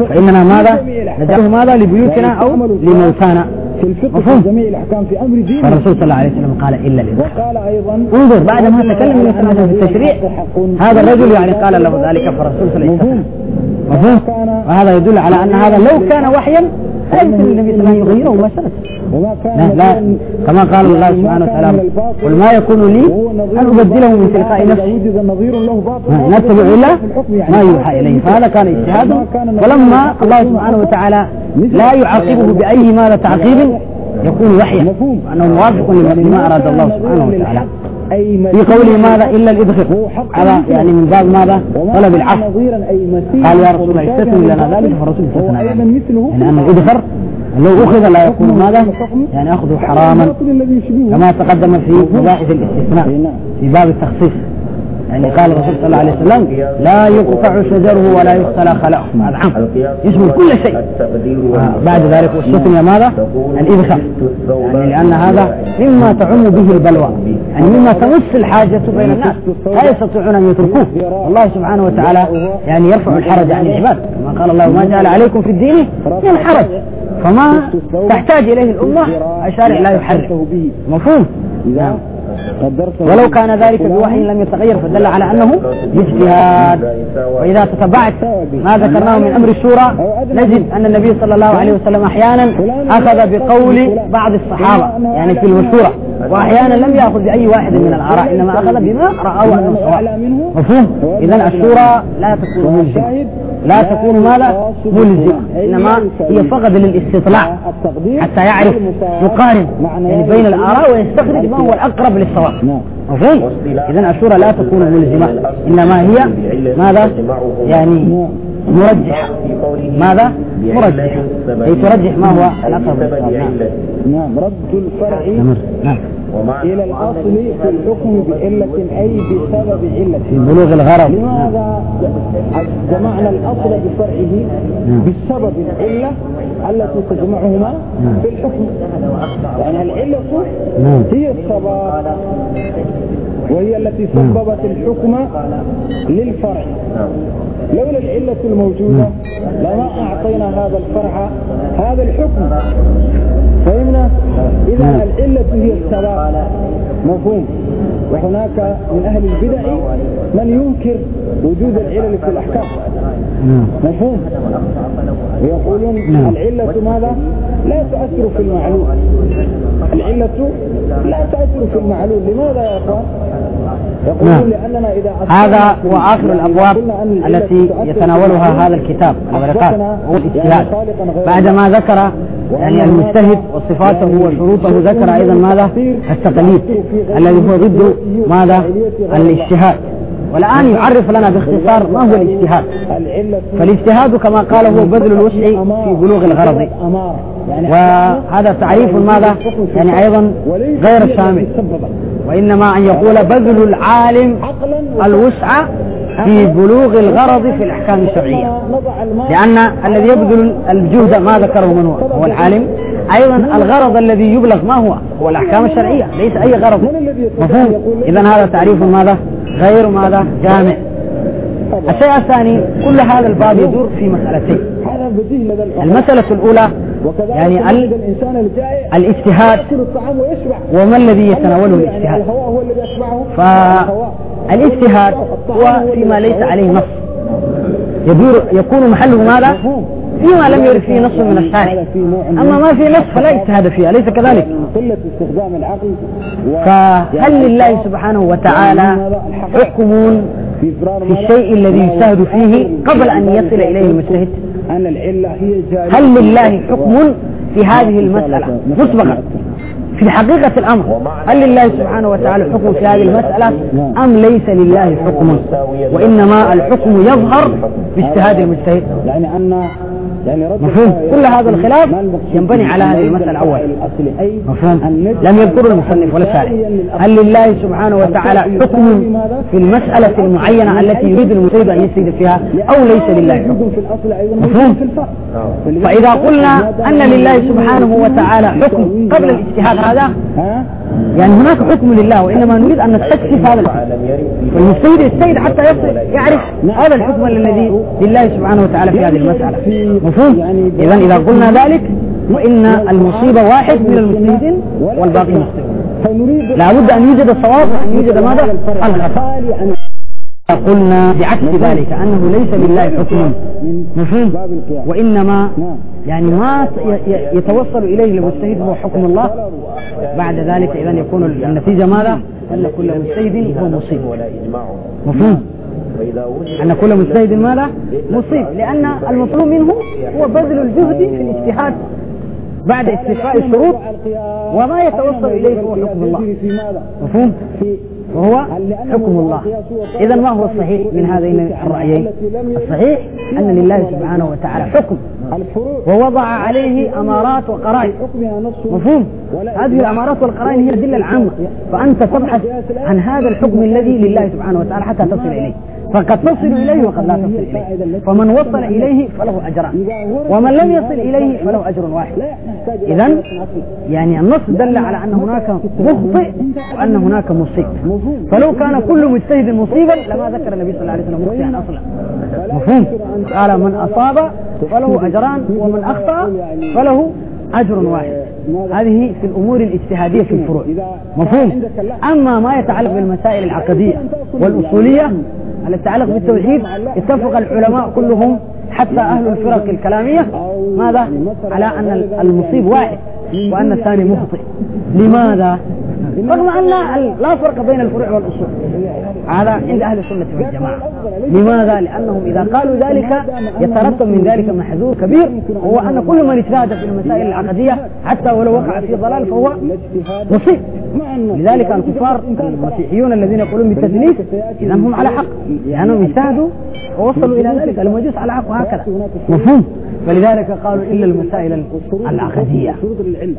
Speaker 1: فإننا ماذا نجعله ماذا لبيوتنا أو لموتانا في الفقه في
Speaker 2: جميع الأحكام في أمر
Speaker 1: دينه الرسول صلى الله عليه وسلم قال إلا لله وقال أيضا انظر بعد ما تكلم النبي في التشريع هذا الرجل يعني قال له ذلك فالرسول صلى الله عليه وسلم وهذا يدل على أن هذا لو كان وحيا يغيره لا لا كما قال الله سبحانه وتعالى قل ما يكون لي أن أبدله من تلقاء نفسي نتبع إلا ما يوحى إليه فهذا كان اجتهاده ولما الله سبحانه وتعالى لا يعاقبه بأي مال تعقيب يكون وحيا أنه موافق لما أراد الله سبحانه وتعالى في قوله ماذا إلا الإدخل على يعني من باب ماذا طلب العفو قال يا رسول الله استثنوا لنا ذلك فالرسول استثنى يعني أن الإدخل لو أخذ لا يكون ماذا يعني أخذه حراما كما تقدم في مباحث الاستثناء في باب التخصيص يعني قال الرسول صلى الله عليه وسلم لا يقطع شجره ولا يختلى خلقه عام يشمل كل شيء آه، بعد ذلك والسفن ماذا الإبخار يعني لأن هذا مما تعم به البلوى يعني مما تمس الحاجة بين الناس لا يستطيعون أن يتركوه الله سبحانه وتعالى يعني يرفع الحرج عن العباد كما قال الله ما جعل عليكم في الدين من حرج فما تحتاج إليه الأمة الشارع لا يحرك مفهوم نعم
Speaker 2: ولو كان ذلك بوحي لم يتغير فدل على أنه اجتهاد
Speaker 1: وإذا تتبعت ما ذكرناه من أمر الشورى نجد أن النبي صلى الله عليه وسلم أحيانا أخذ بقول بعض الصحابة يعني في الوشورة وأحيانا لم يأخذ بأي واحد من الآراء إنما أخذ بما رأوا أنه صواب مفهوم إذا الشورى لا تكون ملزمة لا تكون ماذا ملزمة إنما هي فقط للاستطلاع حتى يعرف يقارن يعني بين الآراء ويستخرج ما هو الأقرب الصواب للصواب مفهوم نعم. إذا الشورى لا تكون ملزمة إنما هي ماذا يعني مرجح ماذا؟ مرجح أي ترجح ما هو
Speaker 2: الأقرب نعم رد الفرع نعم إلى الأصل في الحكم بعلة أي بسبب علة في بلوغ الغرض لماذا جمعنا الأصل بفرعه نعم. بسبب العلة التي تجمعهما نعم. في الحكم لأن يعني العلة نعم. هي السبب وهي التي سببت الحكم للفرع لولا العلة الموجودة لما أعطينا هذا الفرع هذا الحكم فهمنا إذا العلة هي السبب مفهوم وهناك من أهل البدع من ينكر وجود العلل في الأحكام مفهوم ويقولون العلة ماذا لا تؤثر في المعلوم العلة لا تأثر في المعلول لماذا
Speaker 3: يا أخوان؟ نعم هذا هو آخر الأبواب التي يتناولها هذا الكتاب الورقات والاجتهاد يعني بعدما
Speaker 1: ذكر يعني المجتهد وصفاته يعني وشروطه ذكر أيضا ماذا التقليد الذي هو ضد ماذا الاجتهاد والآن يعرف لنا باختصار ما هو الاجتهاد
Speaker 2: فالاجتهاد كما قال هو بذل الوسع
Speaker 1: في بلوغ الغرض وهذا تعريف ماذا يعني أيضا غير شامل وإنما أن يقول بذل العالم الوسع في بلوغ الغرض في الأحكام الشرعية لأن الذي يبذل الجهد ما ذكره من هو هو العالم أيضا الغرض الذي يبلغ ما هو هو الأحكام الشرعية ليس أي غرض مفهوم إذا هذا تعريف ماذا غير ماذا جامع الشيء الثاني كل هذا الباب يدور في مسألتين المسألة الأولى يعني ال... الاجتهاد
Speaker 2: وما الذي يتناوله يعني الاجتهاد
Speaker 1: فالاجتهاد هو فيما ليس عليه نص يدور يكون محله ماذا فيما لم يرد فيه نص من الشارع أما ما في نص فلا اجتهاد فيه أليس كذلك
Speaker 2: استخدام العقل
Speaker 1: فهل لله سبحانه وتعالى حكم في الشيء الذي يجتهد فيه قبل أن يصل إليه المجتهد
Speaker 2: هل لله
Speaker 1: حكم في هذه المسألة مسبقا في حقيقة الأمر هل لله سبحانه وتعالى حكم في هذه المسألة أم ليس لله حكم وإنما الحكم يظهر باجتهاد المجتهد لأن يعني مفهوم كل هذا الخلاف ينبني على هذه المسألة الأول مفهوم لم يذكر المصنف ولا الشارع هل لله سبحانه وتعالى حكم في المسألة المعينة التي يريد المصيب أن يسجد فيها أو ليس لله حكم مفهوم فإذا قلنا أن لله سبحانه وتعالى حكم قبل الاجتهاد هذا يعني هناك حكم لله وإنما نريد أن نستكشف هذا الحكم والمجتهد السيد حتى يصل يعرف نعم. هذا الحكم الذي لله سبحانه وتعالى في هذه المسألة مفهوم إذا إذا قلنا ذلك وإن المصيبة واحد من المسلمين والباقي مخطئ لابد أن يوجد الصواب وأن يوجد ماذا؟ الخطأ قلنا بعكس ذلك أنه ليس لله حكم مفهوم وإنما يعني ما يتوصل إليه المجتهد هو حكم الله بعد ذلك إذا يكون النتيجة ماذا؟
Speaker 3: أن كل مجتهد هو مصيب مفهوم أن كل مجتهد ماله مصيب
Speaker 1: لأن المطلوب منه هو بذل الجهد في الاجتهاد بعد استيفاء الشروط وما يتوصل إليه هو حكم الله مفهوم؟ وهو حكم الله إذا ما هو الصحيح من هذين الرأيين الصحيح أن لله سبحانه وتعالى حكم ووضع عليه أمارات وقرائن مفهوم هذه الأمارات والقرائن هي الأدلة العامة فأنت تبحث عن هذا الحكم الذي لله سبحانه وتعالى حتى تصل إليه فقد تصل إليه وقد لا تصل إليه فمن وصل إليه فله أجران ومن لم يصل إليه فله أجر واحد إذا يعني النص دل على أن هناك مخطئ وأن هناك مصيب فلو كان كل مجتهد مصيبا لما ذكر النبي صلى الله عليه وسلم مخطئا أصلا مفهوم قال من أصاب فله أجر أجران ومن أخطأ فله أجر واحد هذه في الأمور الاجتهادية في الفروع مفهوم أما ما يتعلق بالمسائل العقدية والأصولية التي تتعلق بالتوحيد اتفق العلماء كلهم حتى أهل الفرق الكلامية ماذا على أن المصيب واحد وأن الثاني مخطئ لماذا رغم أن لا فرق بين الفروع والأصول هذا عند أهل السنة والجماعة لماذا؟ لأنهم إذا قالوا ذلك يترتب من ذلك محذور كبير وهو أن كل من اجتهد في المسائل العقدية حتى ولو وقع في ضلال فهو مصيب لذلك الكفار المسيحيون الذين يقولون بالتثليث إذا هم على حق لأنهم اجتهدوا ووصلوا إلى ذلك المجوس على حق وهكذا مفهوم فلذلك قالوا إلا المسائل العقدية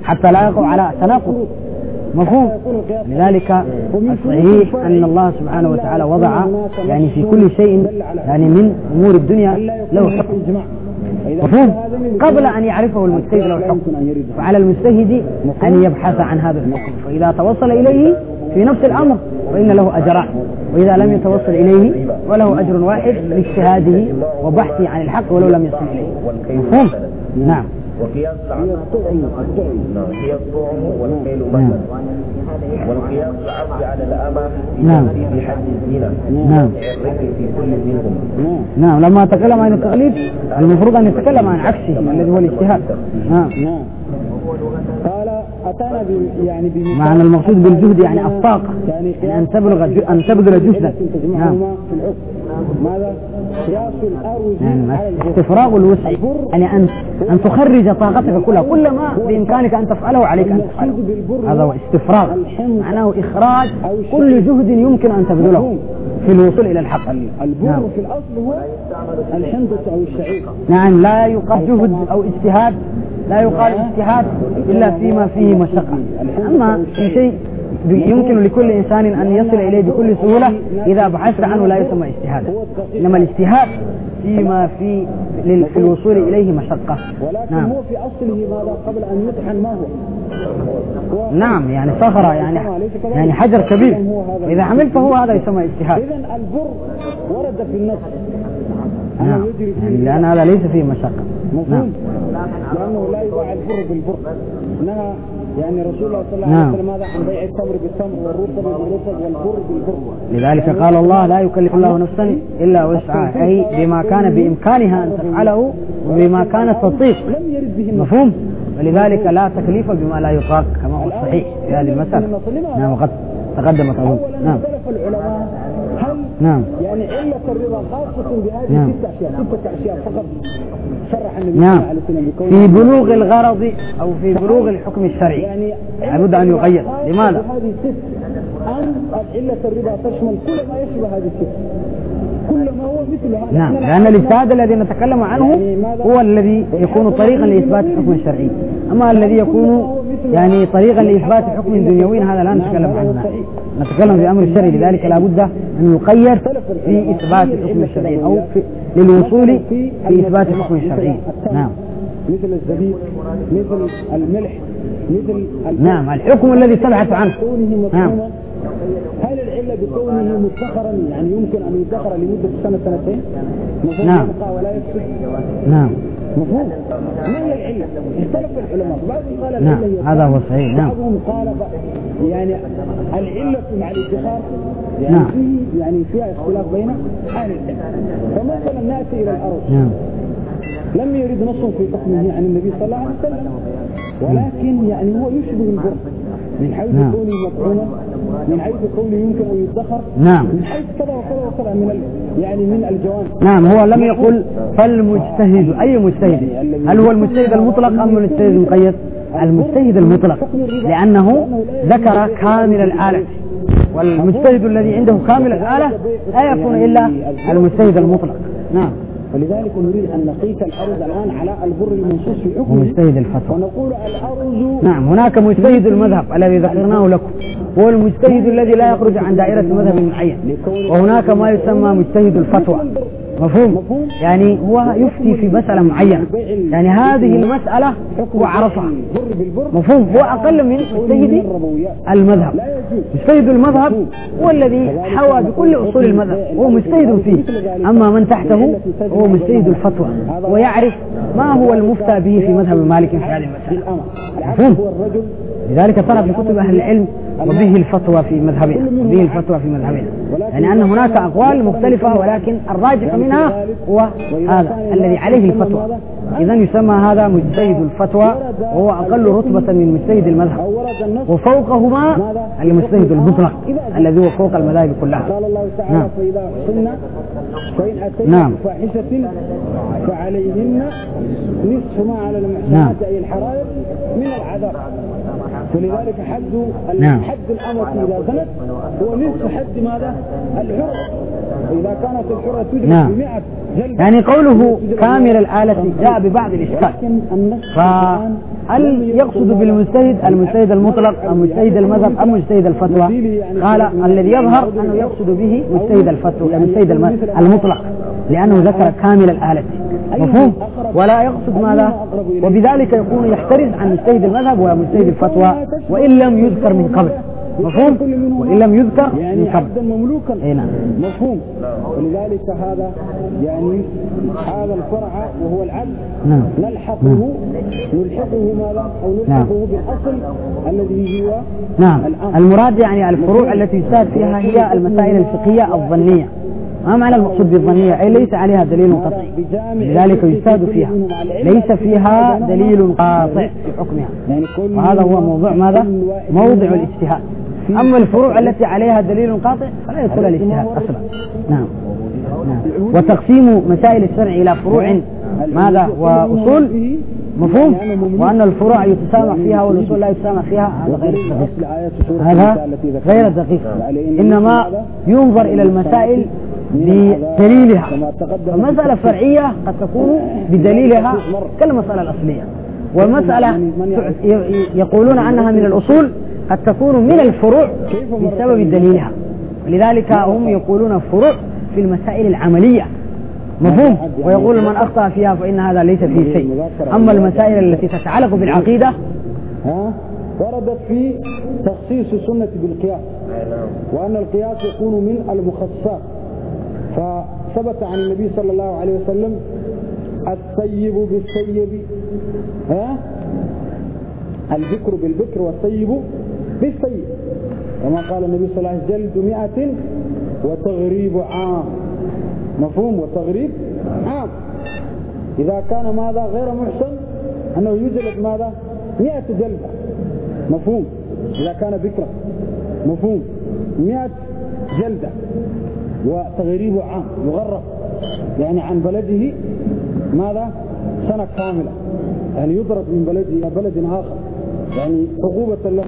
Speaker 1: حتى لا يقع على تناقض مفهوم لذلك الصحيح أن الله سبحانه وتعالى وضع يعني في كل شيء يعني من أمور الدنيا له حكم مفهوم قبل أن يعرفه المجتهد له الحكم فعلى المجتهد أن يبحث عن هذا الحكم فإذا توصل إليه في نفس الأمر فإن له أجران وإذا لم يتوصل إليه وله أجر واحد لاجتهاده
Speaker 3: وبحثه عن الحق ولو لم يصل إليه مفهوم نعم وقياس نعم هي طعمه والخيل مثلا والقياس العبد على الأمة في حد الزنا نعم, نعم. نعم. في كل منهما نعم,
Speaker 1: نعم. لما تكلم عن التقليد المفروض أن يتكلم عن عكسه الذي هو الاجتهاد نعم
Speaker 2: قال أتانا يعني بمثال معنى المقصود بالجهد يعني الطاقة يعني,
Speaker 1: يعني أن تبلغ أن تبذل جهدك نعم ماذا نعم، استفراغ الوسع يعني أن أن تخرج طاقتك كلها كل ما بإمكانك أن تفعله عليك أن تفعله هذا هو استفراغ معناه إخراج كل جهد يمكن أن تبذله في الوصول إلى الحق البر نعم. في الأصل هو الحمضة أو الشعيقة نعم لا يقال جهد أو اجتهاد لا يقال اجتهاد إلا فيما فيه مشقة أما في شيء يمكن لكل إنسان أن يصل إليه بكل سهولة إذا بحثت عنه لا يسمى اجتهادا إنما الاجتهاد فيما في للوصول إليه مشقة نعم هو في أصله ماذا قبل
Speaker 2: أن يطحن ما هو نعم يعني صخرة يعني يعني حجر كبير إذا عملت فهو هذا يسمى اجتهاد إذا البر ورد في النص
Speaker 1: نعم يعني لأن هذا ليس فيه مشقة نعم
Speaker 2: لأنه لا يباع البر بالبر إنها يعني الرسول الله صلى الله عليه نعم. وسلم ماذا عن بيع التمر بالتمر والرطب بالرطب
Speaker 1: والبر بالبر لذلك قال الله لا يكلف الله نفسا إلا وسعها أي بما كان بإمكانها أن تفعله وبما كانت تطيق لم يرد به مفهوم ولذلك لا تكليف بما لا يطاق كما هو الصحيح في هذه المسألة نعم وقد تقدمت أظن نعم
Speaker 2: العلماء نعم يعني علة الرضا خاصة بهذه نعم. ستة أشياء
Speaker 1: ستة أشياء فقط شرح النبي نعم. عليه السلام في بلوغ الغرض أو
Speaker 2: في بلوغ الحكم الشرعي يعني لابد أن يقيد لماذا؟
Speaker 1: هذه الست أن
Speaker 2: علة الرضا تشمل كل ما يشبه هذه الست كل ما هو مثل هذا نعم لأن الاجتهاد
Speaker 1: الذي نتكلم عنه يعني هو الذي يكون طريقا لإثبات الحكم الشرعي أما يعني الذي يكون يعني طريقا نعم. لإثبات حكم دنيوي هذا لا نعم. نتكلم عنه نتكلم في أمر الشرعي لذلك لابد أن يقيد في إثبات الحكم الشرعي أو في
Speaker 2: للوصول في إثبات الحكم الشرعي نعم مثل الزبيب مثل الملح مثل نعم الحكم الذي تبحث عنه نعم هل العلة بكونه مدخرا يعني يمكن أن يدخر لمدة سنة سنتين؟ نعم نعم ما هي العلة؟ اختلف العلماء بعضهم قال العلة نعم هذا هو صحيح نعم بعضهم قال يعني العلة مع الادخار يعني نعم فيه يعني فيها اختلاف بين حال فمثلا نأتي إلى الأرض نعم لم يرد نص في حكمه عن النبي صلى الله عليه وسلم ولكن يعني هو يشبه البر من حيث نعم. كونه مطعونا من حيث كونه يمكن أن يدخر نعم من حيث كذا وكذا وكذا من ال... يعني من الجوانب نعم هو لم يقل
Speaker 1: فالمجتهد أي يعني مجتهد هل هو المجتهد المطلق أم المجتهد المقيد المجتهد المطلق لأنه ذكر كامل الآلة والمجتهد الذي عنده كامل الآلة لا يكون إلا يعني المجتهد المطلق نعم ولذلك نريد أن نقيس الأرز الآن على البر المنصوص في حكم مجتهد الفتوى ونقول الأرز نعم هناك مجتهد المذهب الذي ذكرناه لكم هو المجتهد الذي لا يخرج عن دائرة المذهب المعين وهناك ما يسمى مجتهد الفتوى مفهوم يعني هو يفتي في مسألة معينة يعني هذه المسألة هو عرفها مفهوم هو أقل من مجتهد المذهب مجتهد المذهب هو الذي حوى بكل أصول المذهب هو مجتهد فيه أما من تحته هو مجتهد الفتوى ويعرف ما هو المفتى به في مذهب مالك في هذه المسألة مفهوم لذلك ترى في كتب أهل العلم وبه الفتوى في مذهبنا وبه الفتوى في مذهبنا يعني أن هناك أقوال مختلفة ولكن الراجح منها هو هذا الذي عليه الفتوى إذا يسمى هذا مجتهد الفتوى وهو أقل رتبة من مجتهد المذهب وفوقهما المجتهد المطلق الذي هو فوق المذاهب كلها قال الله فإذا فإن نعم. فاحشة
Speaker 2: نعم. فعليهن نصف ما على المحسنات نعم. أي الحرائر من العذاب ولذلك حد نعم حد الأمة إذا زنت هو نصف حد ماذا الحرة إذا كانت الحرة تجري نعم. بمئة
Speaker 1: يعني قوله كامل الآلة جاء ببعض الإشكال فهل يقصد بالمجتهد المجتهد المطلق أم مجتهد المذهب أم مجتهد الفتوى يعني قال الذي يظهر أنه يقصد به مجتهد الفتوى المجتهد يعني المطلق لأنه ذكر كامل الآلة مفهوم ولا يقصد ماذا وبذلك يكون يحترز عن مجتهد المذهب ومجتهد الفتوى وإن لم يذكر من قبل مفهوم وإن لم يذكر يعني عبدا
Speaker 2: مملوكا اي نعم مفهوم ولذلك هذا يعني هذا الفرع وهو العبد نعم نلحقه نعم. نلحقه ماذا أو نلحقه نعم. بالأصل الذي هو نعم المراد يعني الفروع التي يجتهد
Speaker 1: فيها هي المسائل الفقهية الظنية ما معنى المقصود بالظنية أي ليس عليها دليل قطعي لذلك يجتهد فيها ليس فيها دليل قاطع في حكمها وهذا هو موضوع ماذا موضع الاجتهاد أما الفروع التي عليها دليل قاطع فلا يدخل الاجتهاد أصلا نعم. نعم وتقسيم مسائل الشرع إلى فروع ماذا وأصول
Speaker 2: مفهوم يعني وأن الفروع يتسامح
Speaker 1: فيها والأصول لا يتسامح فيها هذا غير دقيق هذا غير دقيق إنما ينظر إلى المسائل بدليلها المسألة الفرعية قد تكون بدليلها كالمسألة الأصلية والمسألة يعني يقولون عنها من الأصول قد تكون من الفروع بسبب دليلها ولذلك هم يقولون فروع في المسائل العملية
Speaker 4: مفهوم ويقول من
Speaker 1: أخطأ فيها فإن هذا ليس فيه شيء أما المسائل التي تتعلق بالعقيدة ها وردت في تخصيص السنة بالقياس وأن
Speaker 2: القياس يكون من المخصصات فثبت عن النبي صلى الله عليه وسلم الطيب بالطيب ها البكر بالبكر والطيب بالطيب كما قال النبي صلى الله عليه وسلم جلد مئة وتغريب عام مفهوم والتغريب عام إذا كان ماذا غير محسن أنه يجلب ماذا مئة جلبة مفهوم إذا كان بكرة مفهوم مئة جلدة وتغريبه عام يغرب يعني عن بلده ماذا سنة كاملة يعني يضرب من بلده إلى بلد آخر يعني عقوبة له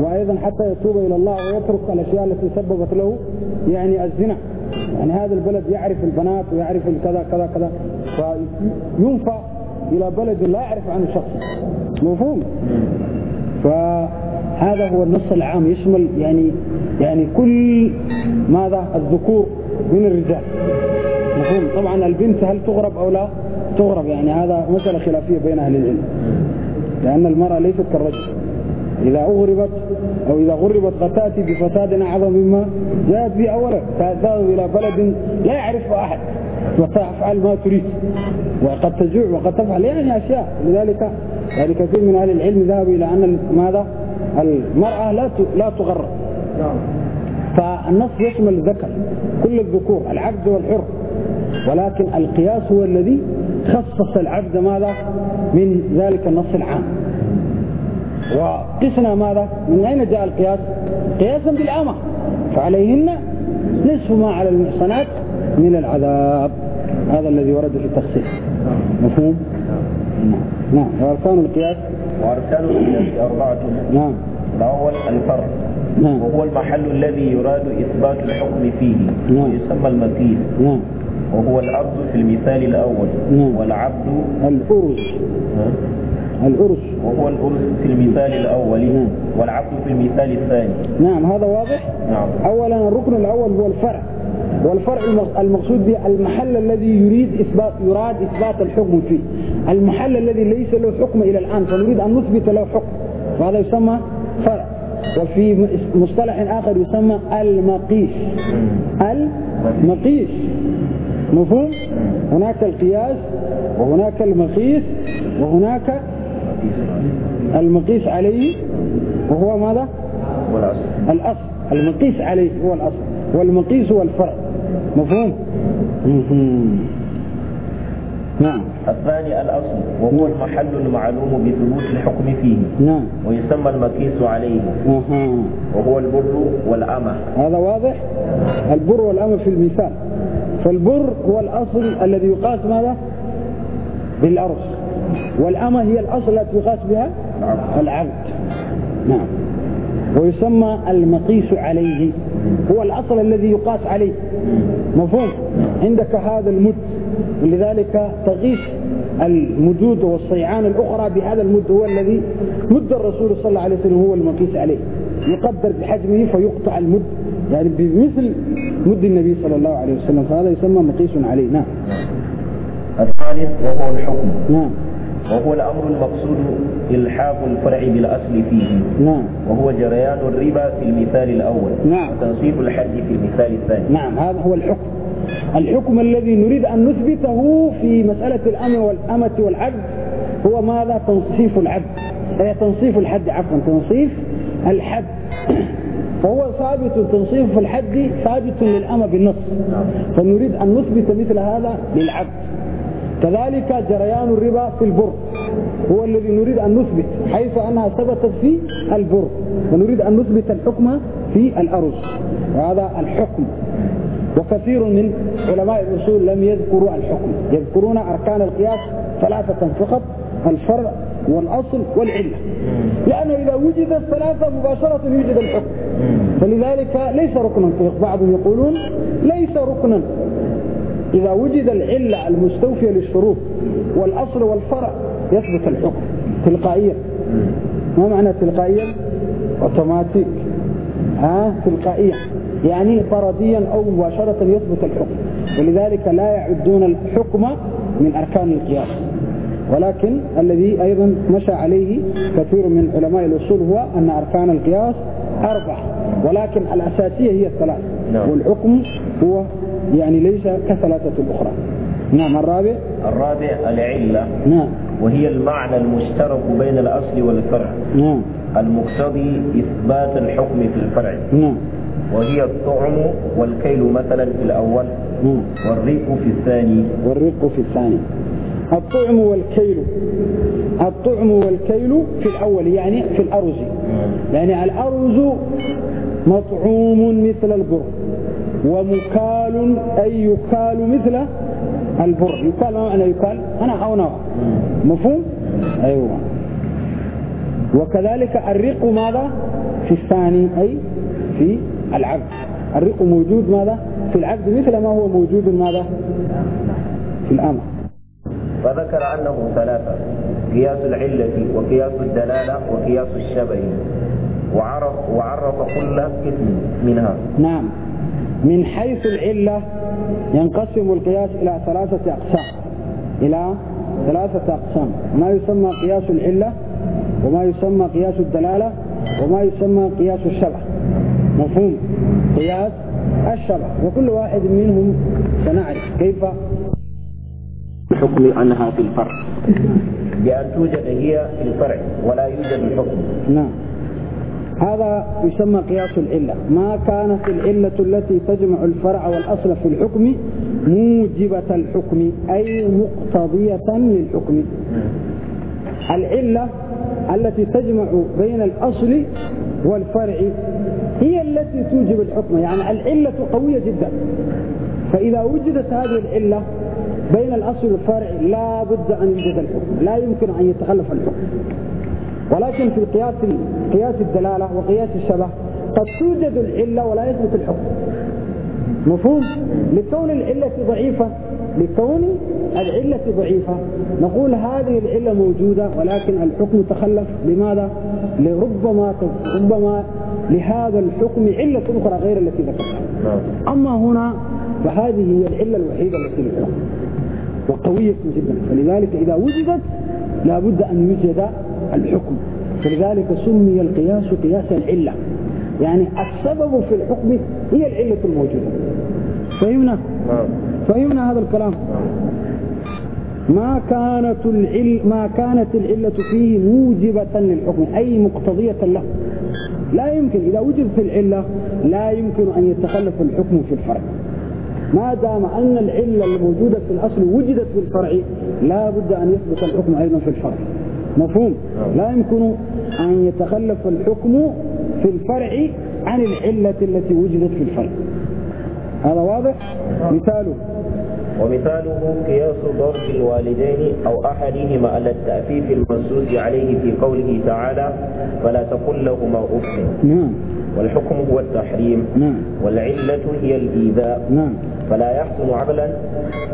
Speaker 2: وأيضا حتى يتوب إلى الله ويترك الأشياء التي سببت له يعني الزنا يعني هذا البلد يعرف البنات ويعرف كذا كذا كذا فينفى إلى بلد لا يعرف عنه شخص مفهوم فهذا هو النص العام يشمل يعني يعني كل ماذا الذكور من الرجال مفهوم طبعا البنت هل تغرب أو لا تغرب يعني هذا مسألة خلافية بين أهل العلم لأن المرأة ليست كالرجل إذا أغربت أو إذا غربت فتأتي بفساد أعظم مما جاءت به أولا فتذهب إلى بلد لا يعرفه أحد وتفعل ما تريد وقد تجوع وقد تفعل يعني أشياء لذلك يعني كثير من أهل العلم ذهبوا إلى أن ماذا المرأة لا لا تغرب نعم. فالنص يشمل الذكر كل الذكور العبد والحر ولكن القياس هو الذي خصص العبد ماذا من ذلك النص العام وقسنا ماذا من أين جاء القياس قياسا بالأمة فعليهن نصف ما على المحصنات من العذاب هذا الذي ورد في التخصيص مفهوم نعم. نعم وأركان القياس وأركان
Speaker 3: القياس أربعة نعم الأول الفرق نعم. وهو المحل الذي يراد إثبات الحكم فيه نعم. ويسمى المثيل نعم. وهو العبد في المثال الأول نعم. والعبد الأرز الأرش وهو الأرس في المثال الأول نعم. والعقل في المثال الثاني نعم هذا واضح نعم
Speaker 2: أولا الركن الأول هو الفرع والفرع المقصود به المحل الذي يريد إثبات يراد إثبات الحكم فيه المحل الذي ليس له حكم إلى الآن فنريد أن نثبت له حكم وهذا يسمى فرع وفي مصطلح آخر يسمى المقيس المقيس مفهوم؟ هناك القياس وهناك المقيس وهناك المقيس عليه وهو ماذا والأصل. الأصل المقيس عليه هو الأصل والمقيس هو الفرع مفهوم
Speaker 3: نعم الثاني الأصل وهو المحل المعلوم بثبوت الحكم فيه نعم ويسمى المقيس عليه مه. وهو البر والأمة
Speaker 2: هذا واضح البر والأمة في المثال فالبر هو الأصل الذي يقاس ماذا بالأرض والأمة هي الأصل التي يقاس بها
Speaker 3: نعم. العبد
Speaker 2: نعم ويسمى المقيس عليه هو الأصل الذي يقاس عليه مفهوم عندك هذا المد ولذلك تقيس المدود والصيعان الأخرى بهذا المد هو الذي مد الرسول صلى الله عليه وسلم هو المقيس عليه يقدر بحجمه فيقطع المد يعني بمثل مد النبي صلى الله عليه وسلم فهذا يسمى مقيس عليه نعم
Speaker 3: الثالث وهو الحكم نعم وهو الأمر المقصود إلحاق الفرع بالأصل فيه نعم وهو جريان الربا في المثال الأول نعم وتنصيب الحد في المثال الثاني نعم هذا هو الحكم الحكم الذي نريد أن نثبته
Speaker 2: في مسألة الأمة والأمة والعبد هو ماذا تنصيف العبد أي تنصيف الحد عفوا تنصيف الحد فهو ثابت تنصيف الحد ثابت للأمة بالنص نعم. فنريد أن نثبت مثل هذا للعبد كذلك جريان الربا في البر هو الذي نريد أن نثبت حيث أنها ثبتت في البر ونريد أن نثبت الحكم في الأرز وهذا الحكم وكثير من علماء الأصول لم يذكروا الحكم يذكرون أركان القياس ثلاثة فقط الفرع والأصل والعلة لأن إذا وجد الثلاثة مباشرة يوجد الحكم فلذلك ليس ركنا بعضهم يقولون ليس ركنا إذا وجد العلة المستوفية للشروط والأصل والفرع يثبت الحكم تلقائيا ما معنى تلقائيا؟ اوتوماتيك ها تلقائيا يعني فرديا أو مباشرة يثبت الحكم ولذلك لا يعدون الحكم من أركان القياس ولكن الذي أيضا مشى عليه كثير من علماء الأصول هو أن أركان القياس أربع ولكن الأساسية هي
Speaker 3: الثلاث نعم. والحكم هو يعني ليس كثلاثة الأخرى نعم الرابع الرابع العلة نعم وهي المعنى المشترك بين الأصل والفرع نعم المقتضي إثبات الحكم في الفرع نعم وهي الطعم والكيل مثلا في الأول نعم والريق في الثاني والريق
Speaker 2: في الثاني الطعم والكيل الطعم والكيل في الأول يعني في الأرز يعني الأرز مطعوم مثل البر ومكال أي يكال مثل البر يكال ما معنى يكال أنا أو نوع مفهوم أيوة وكذلك الرق ماذا في الثاني أي في العبد الرق موجود ماذا في العبد مثل ما هو موجود ماذا في الأمر
Speaker 3: فذكر أنه ثلاثة قياس العلة وقياس الدلالة وقياس الشبه وعرف, وعرف كل قسم منها
Speaker 2: نعم من حيث العلة ينقسم القياس إلى ثلاثة أقسام إلى ثلاثة أقسام ما يسمى قياس العلة وما يسمى قياس الدلالة وما يسمى قياس الشبه مفهوم قياس الشبه وكل واحد منهم سنعرف كيف
Speaker 3: بحكم أنها في الفرع
Speaker 2: بأن توجد هي في الفرع ولا يوجد الحكم نعم هذا يسمى قياس العلة ما كانت العلة التي تجمع الفرع والأصل في الحكم موجبة الحكم أي مقتضية للحكم العلة التي تجمع بين الأصل والفرع هي التي توجب الحكم يعني العلة قوية جدا فإذا وجدت هذه العلة بين الأصل والفرع لا بد أن يوجد الحكم لا يمكن أن يتخلف الحكم ولكن في قياس قياس الدلالة وقياس الشبه قد توجد العلة ولا يثبت الحكم مفهوم لكون العلة ضعيفة لكون العلة ضعيفة نقول هذه العلة موجودة ولكن الحكم تخلف لماذا؟ لربما ربما لهذا الحكم علة أخرى غير التي ذكرتها نعم. أما هنا فهذه هي العلة الوحيدة التي ذكرتها وقوية جدا فلذلك إذا وجدت لا بد أن يوجد الحكم فلذلك سمي القياس قياس العلة يعني السبب في الحكم هي العلة الموجودة فهمنا؟ نعم. فهمنا هذا الكلام ما كانت العل ما كانت العلة فيه موجبة للحكم أي مقتضية له لا يمكن إذا وجدت العلة لا يمكن أن يتخلف الحكم في الفرع ما دام أن العلة الموجودة في الأصل وجدت في الفرع لا بد أن يثبت الحكم أيضا في الفرع مفهوم لا يمكن أن يتخلف الحكم في الفرع عن العلة التي وجدت في
Speaker 3: الفرع هذا واضح مثاله ومثاله قياس ضرب الوالدين أو أحدهما على التأفيف المنصوص عليه في قوله تعالى فلا تقل لهما أف نعم نعم. والحكم هو التحريم نعم والعلة هي الإيذاء نعم فلا يحصل عملا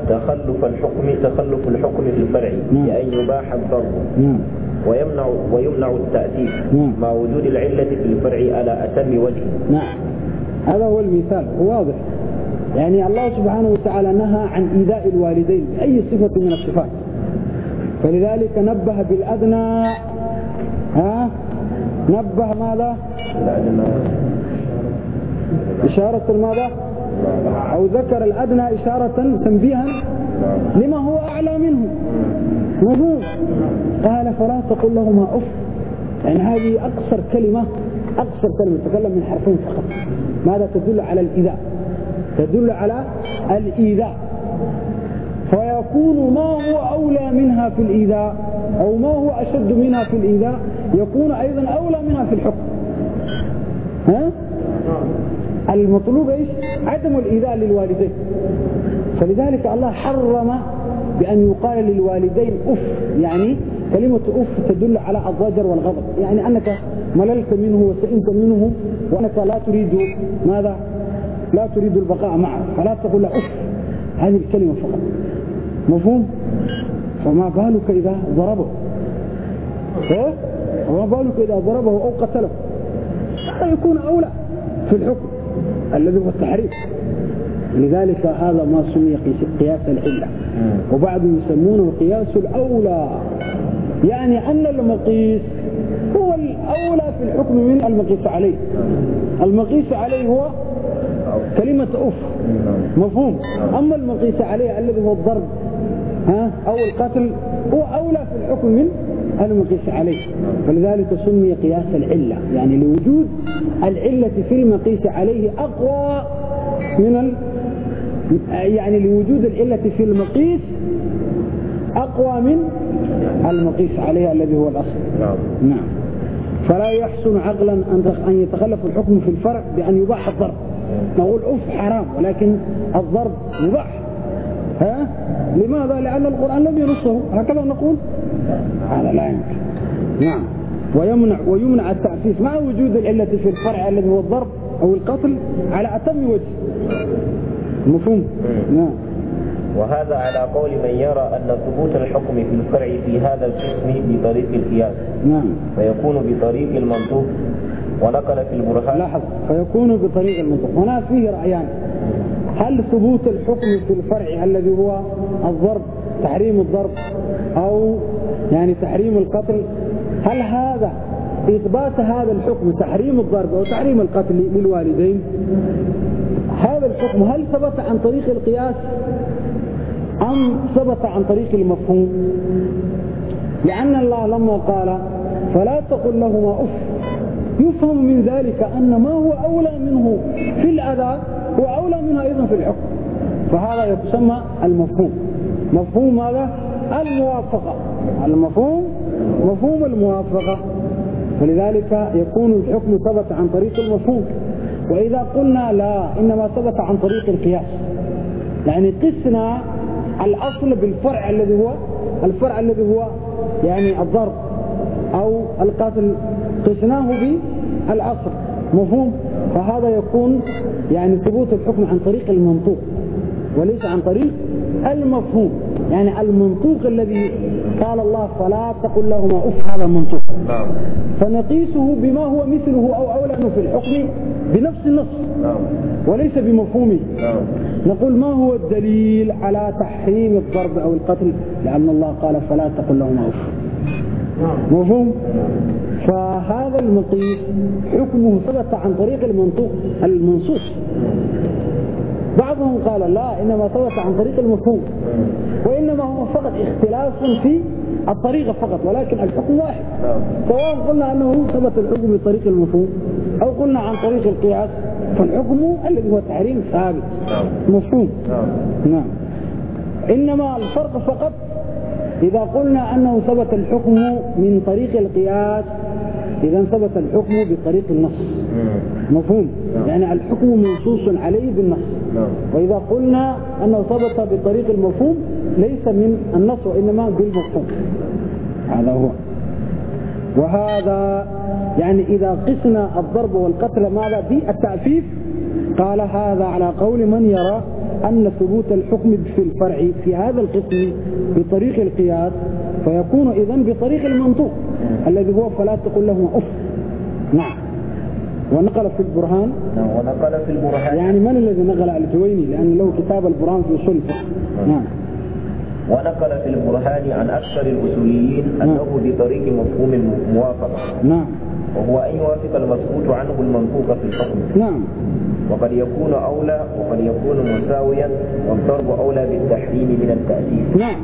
Speaker 3: تخلف الحكم تخلف الحكم الفرع نعم بأن يباح الضرب نعم ويمنع ويمنع التأثير نعم مع وجود العلة في الفرع على أتم وجه نعم هذا هو
Speaker 2: المثال واضح يعني الله سبحانه وتعالى نهى عن إيذاء الوالدين بأي صفة من الصفات فلذلك نبه بالأدنى ها نبه ماذا إشارة ماذا أو ذكر الأدنى إشارة تنبيها لما هو أعلى منه مظلوم قال فلا تقل لهما أف يعني هذه أقصر كلمة أقصر كلمة تتكلم من حرفين فقط ماذا تدل على الإيذاء تدل على الإيذاء فيكون ما هو أولى منها في الإيذاء أو ما هو أشد منها في الإيذاء يكون أيضا أولى منها في الحكم المطلوب ايش عدم الإيذاء للوالدين فلذلك الله حرم بأن يقال للوالدين أف يعني كلمة أف تدل على الضجر والغضب يعني أنك مللت منه وسئمت منه وأنك لا تريد ماذا لا تريد البقاء معه فلا تقول له أف هذه الكلمة فقط مفهوم فما بالك إذا ضربه إيه؟ فما بالك إذا ضربه أو قتله حتى يكون أولى في الحكم الذي هو التحريف لذلك هذا ما سمي قياس العلة وبعضهم يسمونه قياس الأولى يعني أن المقيس هو الأولى في الحكم من المقيس عليه المقيس عليه هو كلمة أف مفهوم أما المقيس عليه الذي هو الضرب ها أو القتل هو أولى في الحكم من أنا مقيس عليه فلذلك سمي قياس العلة يعني لوجود العلة في المقيس عليه أقوى من ال... يعني لوجود العلة في المقيس أقوى من المقيس عليها الذي هو الأصل نعم, نعم. فلا يحسن عقلا أن أن يتخلف الحكم في الفرع بأن يباح الضرب نقول أف حرام ولكن الضرب يباح ها لماذا؟ لأن القرآن لم ينصه هكذا نقول
Speaker 3: هذا لا يمكن نعم
Speaker 2: ويمنع ويمنع التأسيس مع وجود العلة في الفرع الذي هو الضرب أو القتل على أتم
Speaker 3: وجه مفهوم نعم وهذا على قول من يرى أن ثبوت الحكم في الفرع في هذا القسم بطريق القياس نعم فيكون بطريق المنطوق ونقل في البرهان لاحظ فيكون بطريق المنطوق هنا
Speaker 2: فيه رأيان هل ثبوت الحكم في الفرع الذي هو الضرب تحريم الضرب أو يعني تحريم القتل هل هذا إثبات هذا الحكم تحريم الضرب أو تحريم القتل للوالدين هذا الحكم هل ثبت عن طريق القياس أم ثبت عن طريق المفهوم لأن الله لما قال فلا تقل لهما أف يفهم من ذلك أن ما هو أولى منه في الأذى وأولى منها أيضا في الحكم فهذا يسمى المفهوم مفهوم ماذا؟ الموافقة المفهوم مفهوم الموافقة فلذلك يكون الحكم ثبت عن طريق المفهوم وإذا قلنا لا إنما ثبت عن طريق القياس يعني قسنا الأصل بالفرع الذي هو الفرع الذي هو يعني الضرب أو القتل قسناه بالأصل مفهوم فهذا يكون يعني ثبوت الحكم عن طريق المنطوق وليس عن طريق المفهوم يعني المنطوق الذي قال الله فلا تقل لهما اف هذا المنطوق نعم. فنقيسه بما هو مثله او اولى في الحكم بنفس النص نعم. وليس بمفهومه نعم. نقول ما هو الدليل على تحريم الضرب او القتل لان الله قال فلا تقل لهما اف نعم. مفهوم نعم. فهذا المطيف حكمه ثبت عن طريق المنطوق المنصوص بعضهم قال لا إنما ثبت عن طريق المفهوم وإنما هو فقط اختلاف في الطريقة فقط ولكن الحكم واحد سواء قلنا أنه ثبت الحكم بطريق المفهوم أو قلنا عن طريق القياس فالحكم الذي هو تحريم ثابت مفهوم نعم إنما الفرق فقط إذا قلنا أنه ثبت الحكم من طريق القياس إذا ثبت الحكم بطريق النص مفهوم يعني الحكم منصوص عليه بالنص نعم. وإذا قلنا أنه ثبت بطريق المفهوم ليس من النص وإنما بالمفهوم هذا هو وهذا يعني إذا قسنا الضرب والقتل ماذا بالتعفيف قال هذا على قول من يرى أن ثبوت الحكم في الفرع في هذا القسم بطريق القياس فيكون إذا بطريق المنطوق الذي هو فلا تقل له أف نعم ونقل في البرهان
Speaker 3: نعم، ونقل في البرهان
Speaker 2: يعني من الذي نقل الجويني لأن له كتاب البرهان في أصول الفقه
Speaker 3: نعم. نعم ونقل في البرهان عن أكثر الأصوليين نعم. أنه بطريق مفهوم الموافقة نعم وهو أن يوافق المسكوت عنه المنطوق في الحكم نعم وقد يكون أولى وقد يكون مساويا والضرب أولى بالتحريم من التأثير نعم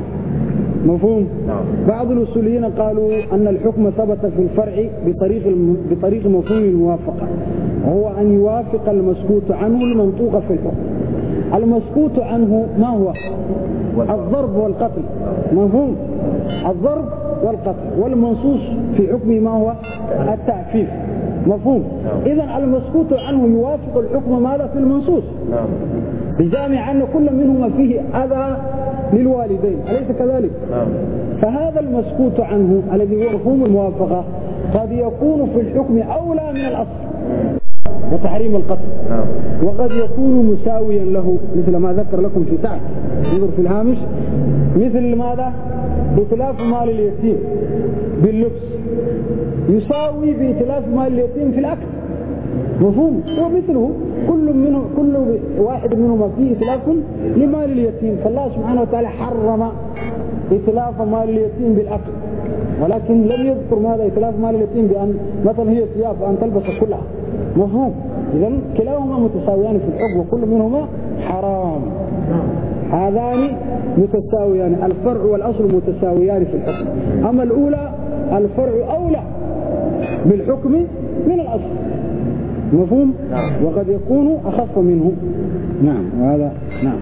Speaker 2: مفهوم؟ نعم. بعض الأصوليين قالوا أن الحكم ثبت في الفرع بطريق بطريق مفهوم الموافقة وهو أن يوافق المسكوت عنه المنطوق في الحكم المسكوت عنه ما هو؟ الضرب والقتل مفهوم؟ الضرب والقتل والمنصوص في حكمه ما هو؟ التعفيف مفهوم نعم. إذا المسكوت عنه يوافق الحكم ماذا في المنصوص نعم. بجامع أن كل منهما فيه أذى للوالدين أليس كذلك؟ نعم. فهذا المسكوت عنه الذي هو مفهوم الموافقة قد يكون في الحكم أولى من الأصل وتحريم القتل نعم. وقد يكون مساويا له مثل ما ذكر لكم في سعد انظر في الهامش مثل ماذا؟ إتلاف مال اليتيم باللبس يساوي بإتلاف مال اليتيم في الأكل مفهوم ومثله كل منه كل واحد منهما فيه إتلاف لمال اليتيم فالله سبحانه وتعالى حرم إتلاف مال اليتيم بالأكل ولكن لم يذكر ماذا إتلاف مال اليتيم بأن مثلا هي ثياب أن تلبس كلها مفهوم إذا كلاهما متساويان في الحب وكل منهما حرام هذان متساويان الفرع والأصل متساويان في الحكم أما الأولى الفرع أولى بالحكم من الأصل مفهوم نعم. وقد يكون أخف منه نعم وهذا نعم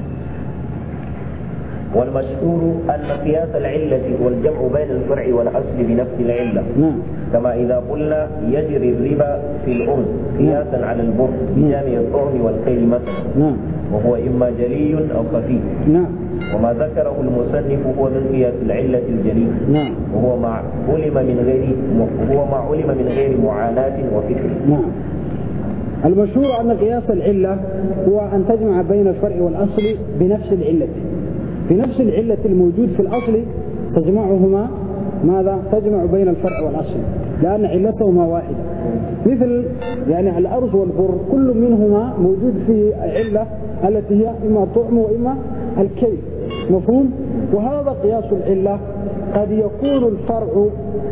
Speaker 3: والمشهور أن قياس العلة هو الجمع بين الفرع والأصل بنفس العلة نعم كما إذا قلنا يجري الربا في الأرز قياسا على البر بجانب نعم. الطعم والخير مثلا نعم وهو إما جلي أو خفي نعم وما ذكره المصنف هو من قياس العلة الجلي نعم وهو ما علم من غير وهو ما علم من غير معاناة وفكر نعم
Speaker 2: المشهور أن قياس العلة هو أن تجمع بين الفرع والأصل بنفس العلة بنفس العلة الموجود في الأصل تجمعهما ماذا تجمع بين الفرع والأصل لأن علتهما واحدة مثل يعني الأرز والبر كل منهما موجود في علة التي هي إما الطعم وإما الكي مفهوم وهذا قياس العلة قد يكون الفرع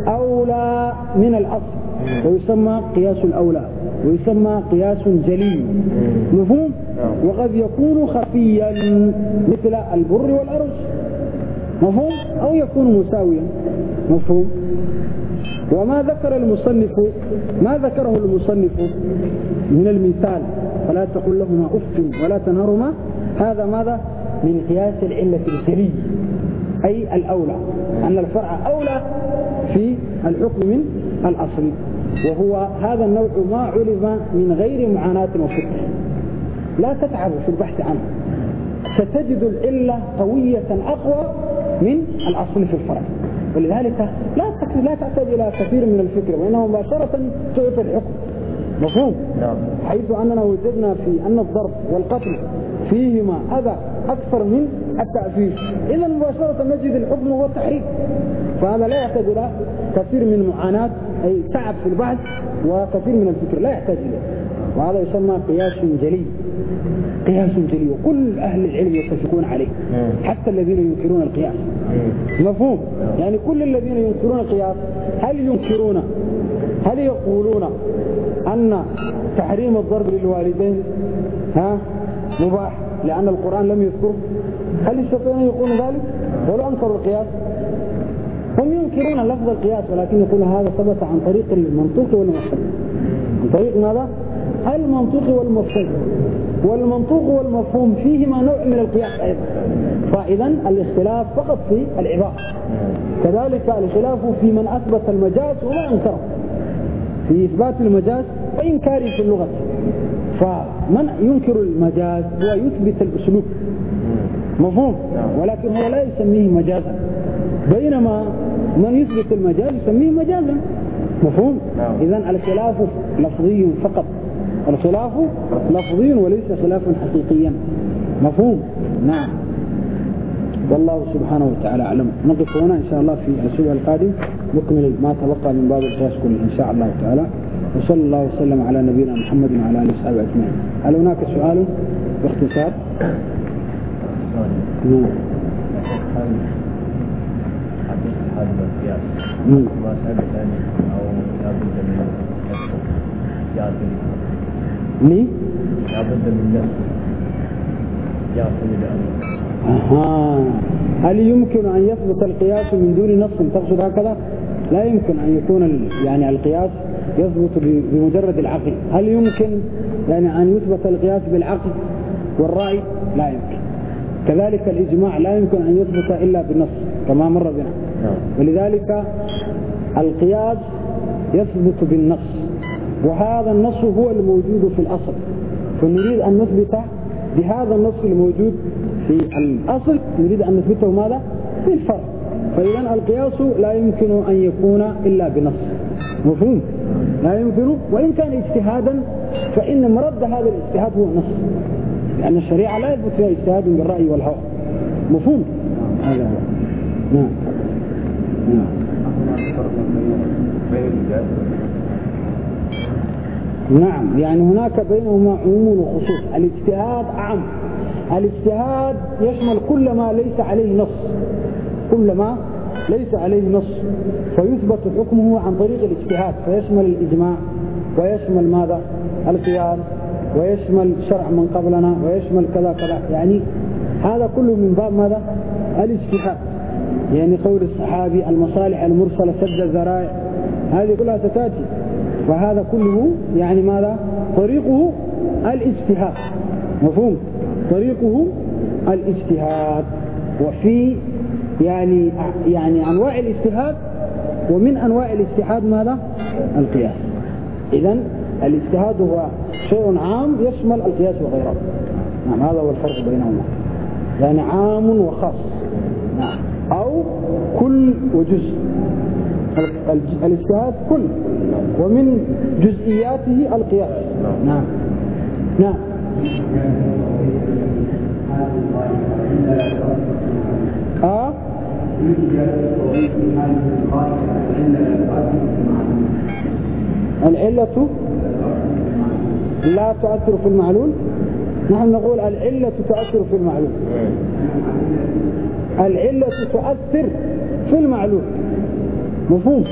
Speaker 2: أولى من الأصل ويسمى قياس الأولى ويسمى قياس جلي مفهوم نعم. وقد يكون خفيا مثل البر والأرز مفهوم أو يكون مساويا مفهوم وما ذكر المصنف ما ذكره المصنف من المثال فلا تقل لهما أف ولا تنهرما هذا ماذا من قياس العلة الجلي أي الأولى أن الفرع أولى في الحكم من الأصل وهو هذا النوع ما علم من غير معاناة وفكر لا تتعبوا في البحث عنه ستجد العلة قوية أقوى من الأصل في الفرع ولذلك لا لا تحتاج إلى كثير من الفكر وإنه مباشرة تعطي الحكم مفهوم نعم. حيث أننا وجدنا في أن الضرب والقتل فيهما أذى أكثر من التأثير إذا مباشرة نجد الحكم هو التحريك فهذا لا يحتاج إلى كثير من معاناة أي تعب في البحث وكثير من الفكر لا يحتاج إليه وهذا يسمى قياس جلي قياس جلي وكل أهل العلم يتفقون عليه حتى الذين ينكرون القياس مفهوم يعني كل الذين ينكرون القياس هل ينكرون هل يقولون أن تحريم الضرب للوالدين ها مباح لأن القرآن لم يذكره هل يستطيعون أن يقولوا ذلك ولو أنكروا القياس هم ينكرون لفظ القياس ولكن يقول هذا ثبت عن طريق المنطوق والمفصل عن طريق ماذا؟ المنطوق والمفهوم والمنطوق والمفهوم فيهما نوع من القياس أيضا فإذا الاختلاف فقط في العبارة كذلك الخلاف في من أثبت المجاز وما أنكره في إثبات المجاز وإنكاره في اللغة فمن ينكر المجاز هو يثبت الأسلوب مفهوم ولكن هو لا يسميه مجازا بينما من يثبت المجاز يسميه مجازا مفهوم؟ نعم. إذا الخلاف لفظي فقط الخلاف لفظي وليس خلافا حقيقيا مفهوم؟ نعم والله سبحانه وتعالى أعلم نقف هنا إن شاء الله في الأسبوع القادم نكمل ما تبقى من باب القياس كله إن شاء الله تعالى وصلى الله وسلم على نبينا محمد وعلى آله وصحبه أجمعين هل هناك سؤال
Speaker 3: باختصار؟ نعم, نعم. حديث والقياس أو لابد من نفسه مي؟ لابد من نفسه يعتمد
Speaker 2: أها هل يمكن أن يثبت القياس من دون نص تقصد هكذا؟ لا يمكن أن يكون يعني القياس يثبت بمجرد العقل هل يمكن يعني أن يثبت القياس بالعقل والرأي؟ لا يمكن كذلك الإجماع لا يمكن أن يثبت إلا بالنص كما مر بنا ولذلك القياس يثبت بالنص وهذا النص هو الموجود في الأصل فنريد أن نثبت بهذا النص الموجود في الأصل نريد أن نثبته ماذا؟ بالفرق فإذا القياس لا يمكن أن يكون إلا بنص مفهوم؟ لا يمكن وإن كان اجتهادا فإن مرد هذا الاجتهاد هو النص لأن الشريعة لا يثبت فيها اجتهاد بالرأي والهوى مفهوم؟ هذا هو نعم نعم يعني هناك بينهما عموم وخصوص
Speaker 3: الاجتهاد
Speaker 2: عام الاجتهاد يشمل كل ما ليس عليه نص كل ما ليس عليه نص فيثبت حكمه عن طريق الاجتهاد فيشمل الإجماع ويشمل ماذا القيام ويشمل شرع من قبلنا ويشمل كذا كذا يعني هذا كله من باب ماذا الاجتهاد يعني قول الصحابي المصالح المرسلة سد الذرائع هذه كلها ستاتي فهذا كله يعني ماذا طريقه الاجتهاد مفهوم طريقه الاجتهاد وفي يعني يعني انواع الاجتهاد ومن انواع الاجتهاد ماذا القياس اذا الاجتهاد هو شيء عام يشمل القياس وغيره نعم هذا هو الفرق بينهما يعني عام وخاص نعم أو كل وجزء الاجتهاد كل ومن جزئياته القياس نعم نعم آه؟ العلة لا تؤثر في المعلول نحن نقول العلة تؤثر في المعلول العلة تؤثر في المعلوم مفهوم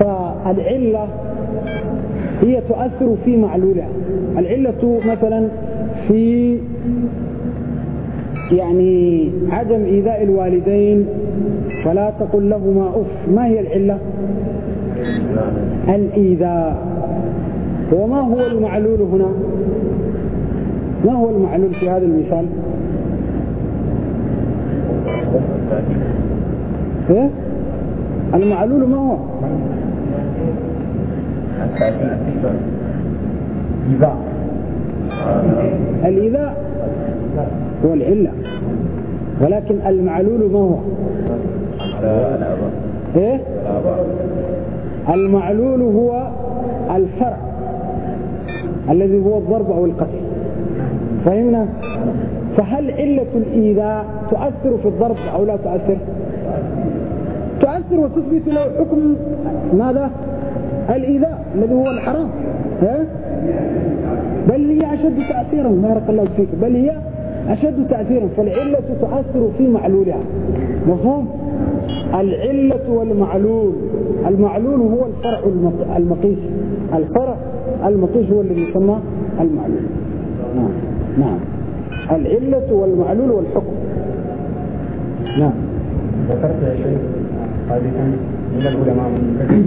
Speaker 2: فالعلة هي تؤثر في معلولها العلة مثلا في يعني عدم إيذاء الوالدين فلا تقل لهما أف ما هي العلة الإيذاء وما هو المعلول هنا ما هو المعلول في هذا المثال ايه المعلول ما هو الإيذاء هو العلة ولكن المعلول ما هو ايه المعلول هو الفرع الذي هو الضرب أو القتل فهمنا فهل علة الإيذاء تؤثر في الضرب أو لا تؤثر تؤثر وتثبت له حكم ماذا؟ الإيذاء الذي هو الحرام ها؟ بل هي أشد تأثيرا بارك الله فيك بل هي أشد تأثيرا فالعلة تؤثر في معلولها مفهوم؟ العلة والمعلول المعلول هو الفرع المقيس الفرع المقيس هو الذي يسمى المعلول نعم نعم العلة والمعلول والحكم
Speaker 1: نعم
Speaker 3: ذكرت يا شيخ ثابتا من العلماء المنتجين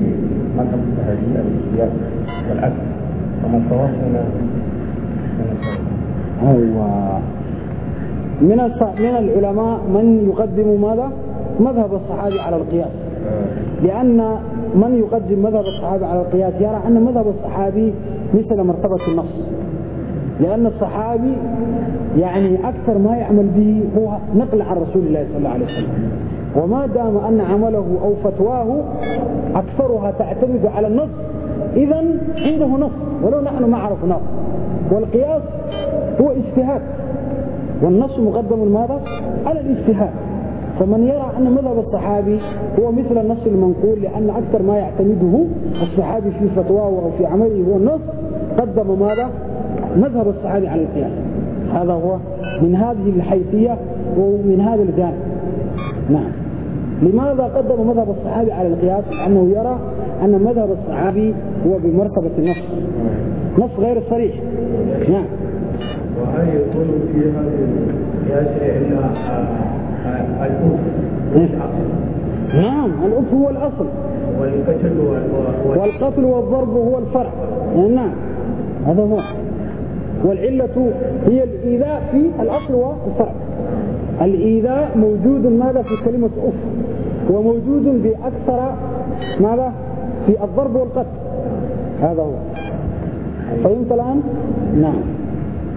Speaker 3: مذهب التهجير والاشتياق والعدل فما الصواب أيوة
Speaker 2: من الص... من العلماء من يقدم ماذا؟ مذهب الصحابي على القياس لأن من يقدم مذهب الصحابي على القياس يرى أن مذهب الصحابي مثل مرتبة النص لأن الصحابي يعني أكثر ما يعمل به هو نقل عن رسول الله صلى الله عليه وسلم وما دام أن عمله أو فتواه أكثرها تعتمد على النص إذا عنده نص ولو نحن ما عرفناه والقياس هو اجتهاد والنص مقدم ماذا؟ على الاجتهاد فمن يرى أن مذهب الصحابي هو مثل النص المنقول لأن أكثر ما يعتمده الصحابي في فتواه أو في عمله هو النص قدم ماذا؟ مذهب الصحابي على القياس هذا هو من هذه الحيثية ومن هذا الجانب لماذا قدم مذهب الصحابي على القياس لأنه يرى أن مذهب الصحابي هو بمرتبة النص نص غير صريح نعم
Speaker 3: وهل يقول في هذه القياس أن الأف إيه؟
Speaker 2: نعم الأف هو الأصل والقتل والقتل والضرب هو الفرع إيه؟ نعم هذا هو والعلة هي الإيذاء في الأصل والفرع الإيذاء موجود ماذا في كلمة أف وموجود في أكثر ماذا في الضرب والقتل هذا هو فهمت الآن؟ نعم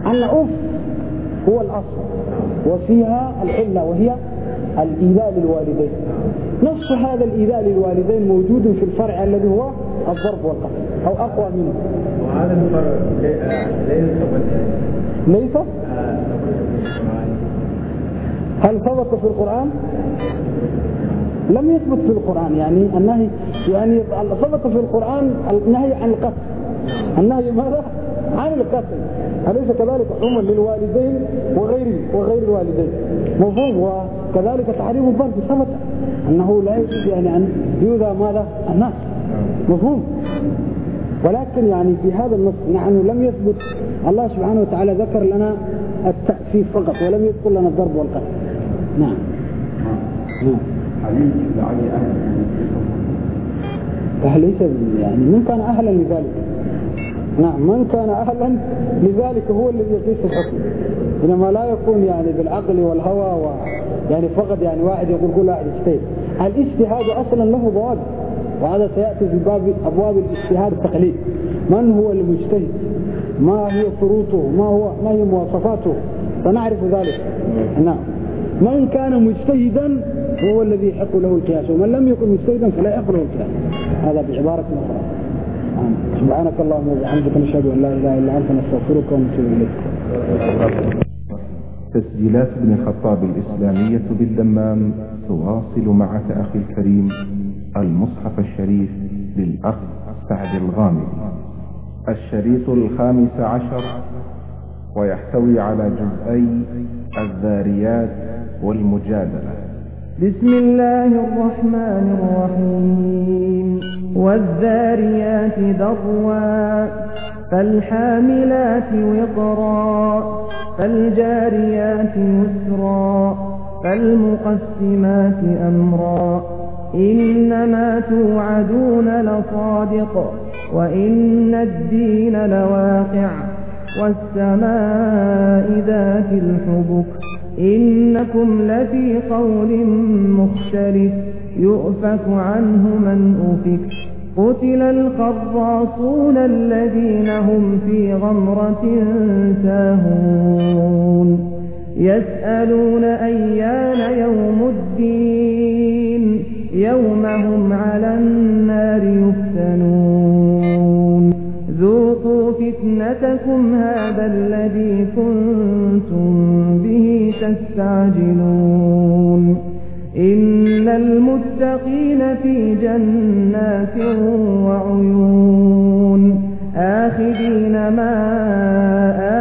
Speaker 2: أن أف هو الأصل وفيها الحلة وهي الإيذاء للوالدين نص هذا الإيذاء للوالدين موجود في الفرع الذي هو الضرب والقتل أو أقوى منه وهذا الفرع آه، ليس ليس آه، هل ثبت في القرآن؟ لم يثبت في القرآن يعني النهي يعني ثبت في القرآن النهي عن القتل النهي ماذا؟ عن القتل أليس كذلك عموما للوالدين وغير وغير الوالدين مفهوم وكذلك تحريم الضرب ثبت أنه لا يجوز يعني أن يؤذى ماذا؟ الناس مفهوم ولكن يعني في هذا النص نحن لم يثبت الله سبحانه وتعالى ذكر لنا التأسيس فقط ولم يذكر لنا الضرب والقتل نعم نعم لعلي اهل فليس يعني من كان اهلا لذلك نعم من كان اهلا لذلك هو الذي يقيس الحكم انما لا يكون يعني بالعقل والهوى و يعني فقط يعني واحد يقول كل واحد اجتهد الاجتهاد اصلا له ضوابط وهذا سياتي في باب ابواب الاجتهاد التقليد من هو المجتهد ما هي شروطه ما هو ما هي مواصفاته سنعرف ذلك نعم من كان مجتهدا هو الذي يحق له القياس ومن لم يكن مجتهدا فلا يحق له القياس هذا بعبارة أخرى سبحانك اللهم وبحمدك نشهد أن لا إله إلا أنت نستغفرك ونتوب إليك
Speaker 3: تسجيلات ابن الخطاب الإسلامية بالدمام تواصل مع أخي الكريم المصحف الشريف للأخ سعد الغامدي الشريط الخامس عشر ويحتوي على جزئي الذاريات والمجادلة
Speaker 4: بسم الله الرحمن الرحيم والذاريات ذروا فالحاملات وقرا فالجاريات يسرا فالمقسمات أمرا إنما توعدون لصادق وإن الدين لواقع والسماء ذات الحبك إنكم لفي قول مختلف يؤفك عنه من أفك قتل الخراصون الذين هم في غمرة ساهون يسألون أيان يوم الدين يوم هم على النار يفتنون ذوقوا فتنتكم هذا الذي كنتم به تستعجلون إن المتقين في جنات وعيون آخذين ما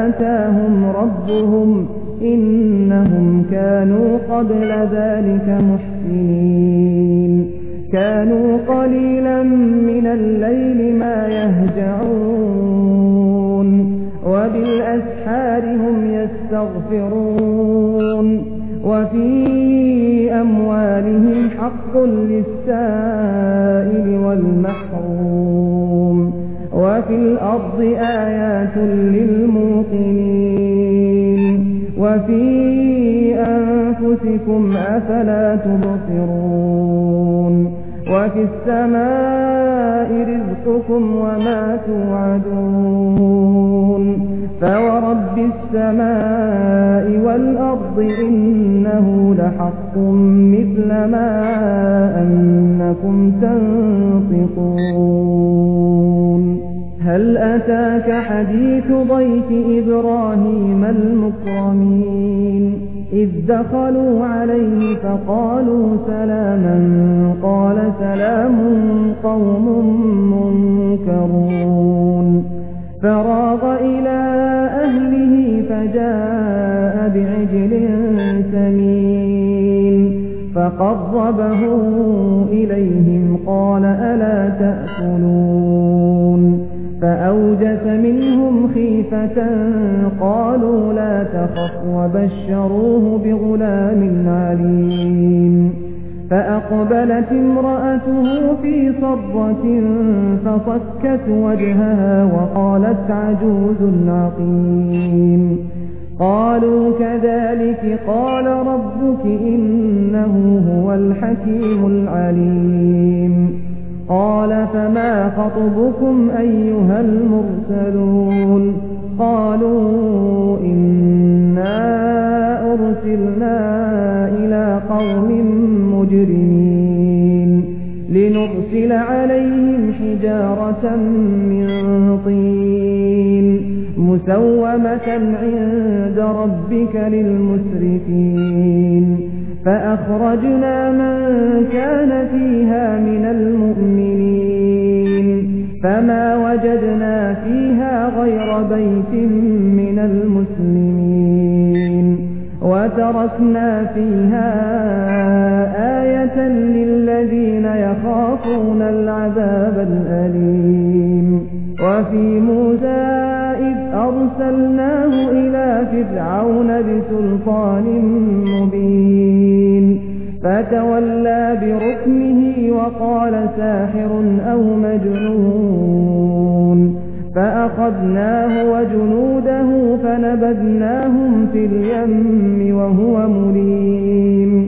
Speaker 4: آتاهم ربهم إنهم كانوا قبل ذلك محسنين كانوا قليلا من الليل ما يهجعون وبالأسحار هم يستغفرون وفي أموالهم حق للسائل والمحروم وفي الأرض آيات للموقنين وفي أنفسكم أفلا تبصرون وفي السماء رزقكم وما توعدون فورب السماء والأرض إنه لحق مثل ما أنكم تنطقون هل أتاك حديث ضيف إبراهيم المكرمين إذ دخلوا عليه فقالوا سلاما قال سلام قوم منكرون فراغ إلى أهله فجاء بعجل سمين فقربه إليهم قال ألا تأكلون فأوجس منهم خيفة قالوا لا تخف وبشروه بغلام عليم فأقبلت امرأته في صرة فصكت وجهها وقالت عجوز عقيم قالوا كذلك قال ربك إنه هو الحكيم العليم قال فما خطبكم أيها المرسلون قالوا إنا أرسلنا إلى قوم مجرمين لنرسل عليهم حجارة من طين مسومة عند ربك للمسرفين فأخرجنا من كان فيها من المؤمنين فما وجدنا فيها غير بيت من المسلمين وتركنا فيها آية للذين يخافون العذاب الأليم وفي موسى إذ أرسلناه إلى فرعون بسلطان مبين فتولى بركنه فقال ساحر أو مجنون فأخذناه وجنوده فنبذناهم في اليم وهو مليم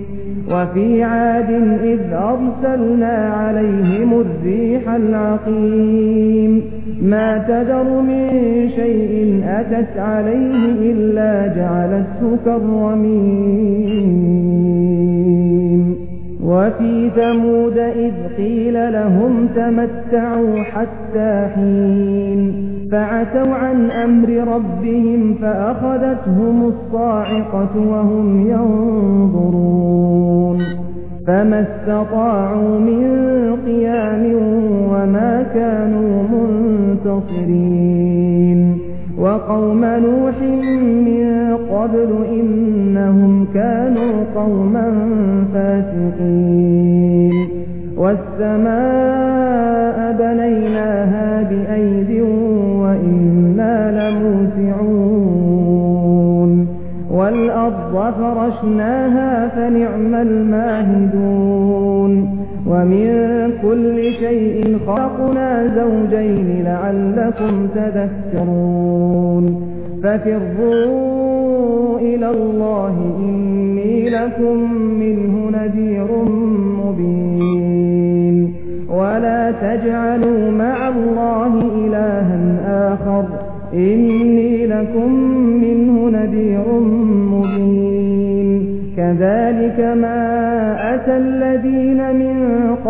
Speaker 4: وفي عاد إذ أرسلنا عليهم الريح العقيم ما تذر من شيء أتت عليه إلا جعلته كالرميم وفي ثمود إذ قيل لهم تمتعوا حتى حين فعتوا عن أمر ربهم فأخذتهم الصاعقة وهم ينظرون فما استطاعوا من قيام وما كانوا منتصرين وقوم نوح من قبل إنهم كانوا قوما فاسقين والسماء بنيناها بأيد وإنا لموسعون والأرض فرشناها فنعم الماهدون ومن كل شيء خلقنا زوجين لعلكم تذكرون ففروا إلى الله إني لكم منه نذير مبين ولا تجعلوا مع الله إلها آخر إني لكم منه نذير مبين كذلك ما أتى الذين من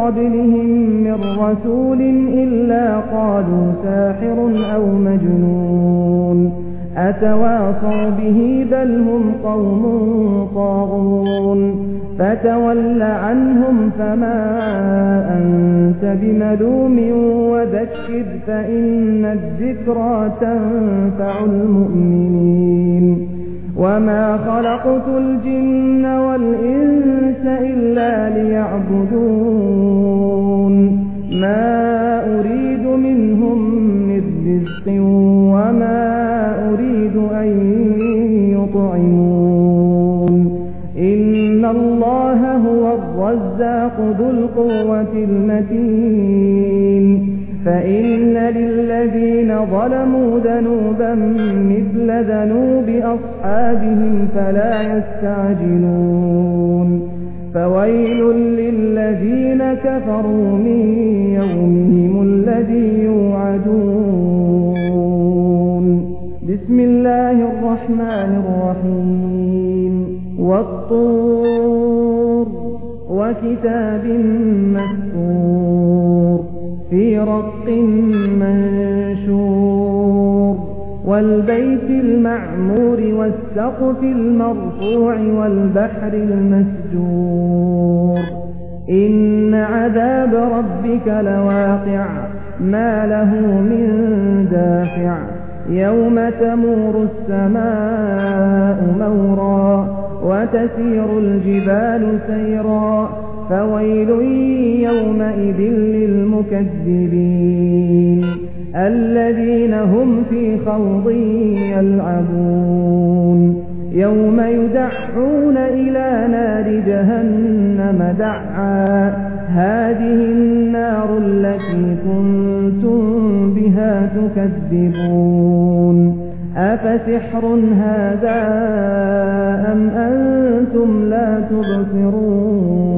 Speaker 4: قَبْلِهِم مِّن رَّسُولٍ إِلَّا قَالُوا سَاحِرٌ أَوْ مَجْنُونٌ أَتَوَاصَوْا بِهِ بَلْ هُمْ قَوْمٌ طَاغُونَ فَتَوَلَّ عَنْهُمْ فَمَا أَنتَ بِمَلُومٍ وَذَكِّرْ فَإِنَّ الذِّكْرَىٰ تَنفَعُ الْمُؤْمِنِينَ وما خلقت الجن والإنس إلا ليعبدون ما أريد منهم من رزق وما أريد أن يطعمون إن الله هو الرزاق ذو القوة المتين فإن للذين ظلموا ذنوبا مثل ذنوب أصحابهم فلا يستعجلون فويل للذين كفروا من يومهم الذي يوعدون بسم الله الرحمن الرحيم والطور وكتاب مسكون في رق منشور والبيت المعمور والسقف المرفوع والبحر المسجور إن عذاب ربك لواقع ما له من دافع يوم تمور السماء مورا وتسير الجبال سيرا فويل يومئذ للمكذبين الذين هم في خوض يلعبون يوم يدعون إلى نار جهنم دعا هذه النار التي كنتم بها تكذبون أفسحر هذا أم أنتم لا تبصرون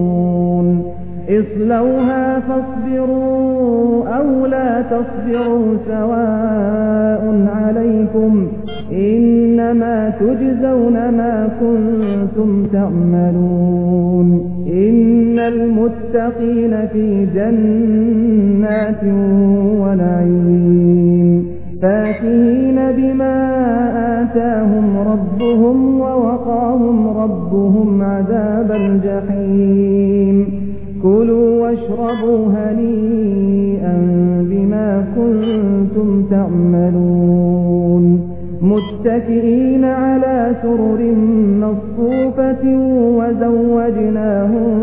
Speaker 4: اصلوها فاصبروا أو لا تصبروا سواء عليكم إنما تجزون ما كنتم تعملون إن المتقين في جنات ونعيم فاكهين بما آتاهم ربهم ووقاهم ربهم عذاب الجحيم واشربوا هنيئا بما كنتم تعملون متكئين على سرر مصفوفة وزوجناهم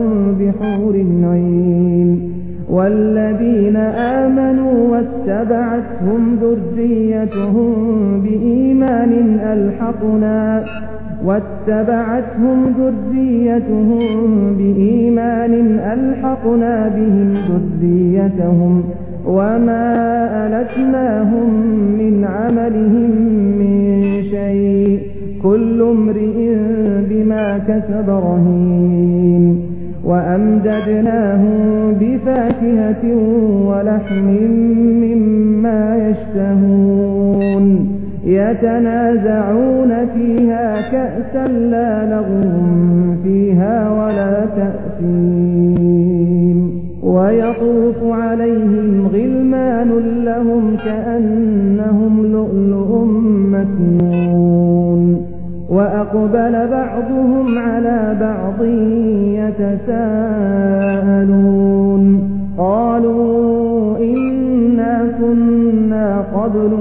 Speaker 4: بحور عين والذين آمنوا واتبعتهم ذريتهم بإيمان ألحقنا واتبعتهم ذريتهم بإيمان ألحقنا بهم ذريتهم وما ألتناهم من عملهم من شيء كل امرئ بما كسب رهين وأمددناهم بفاكهة ولحم مما يشتهون يتنازعون فيها كأسا لا لغم فيها ولا تأثيم ويطوف عليهم غلمان لهم كأنهم لؤلؤ مكنون وأقبل بعضهم على بعض يتساءلون قالوا إنا كنا قبل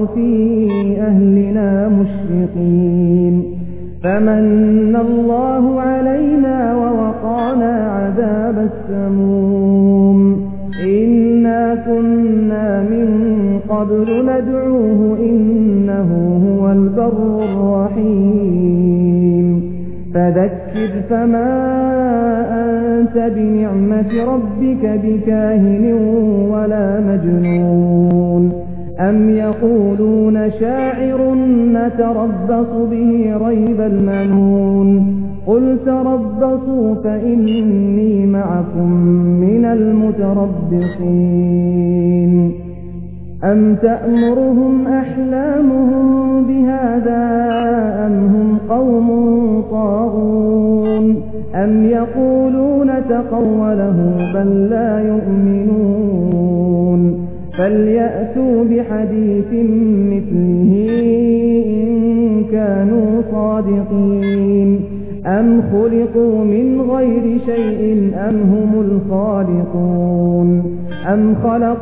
Speaker 4: ربك بكاهن ولا مجنون أم يقولون شاعر نتربص به ريب المنون قل تربصوا فإني معكم من المتربصين أم تأمرهم أحلامهم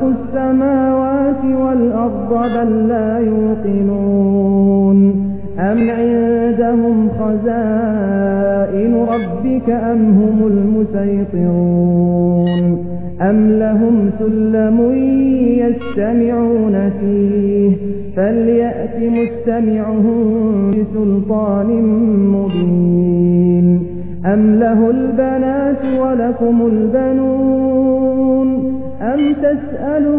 Speaker 4: خلقوا السماوات والأرض بل لا يوقنون أم عندهم خزائن ربك أم هم المسيطرون أم لهم سلم يستمعون فيه فليأت مستمعهم بسلطان مبين أم له البنات ولكم البنات يسأل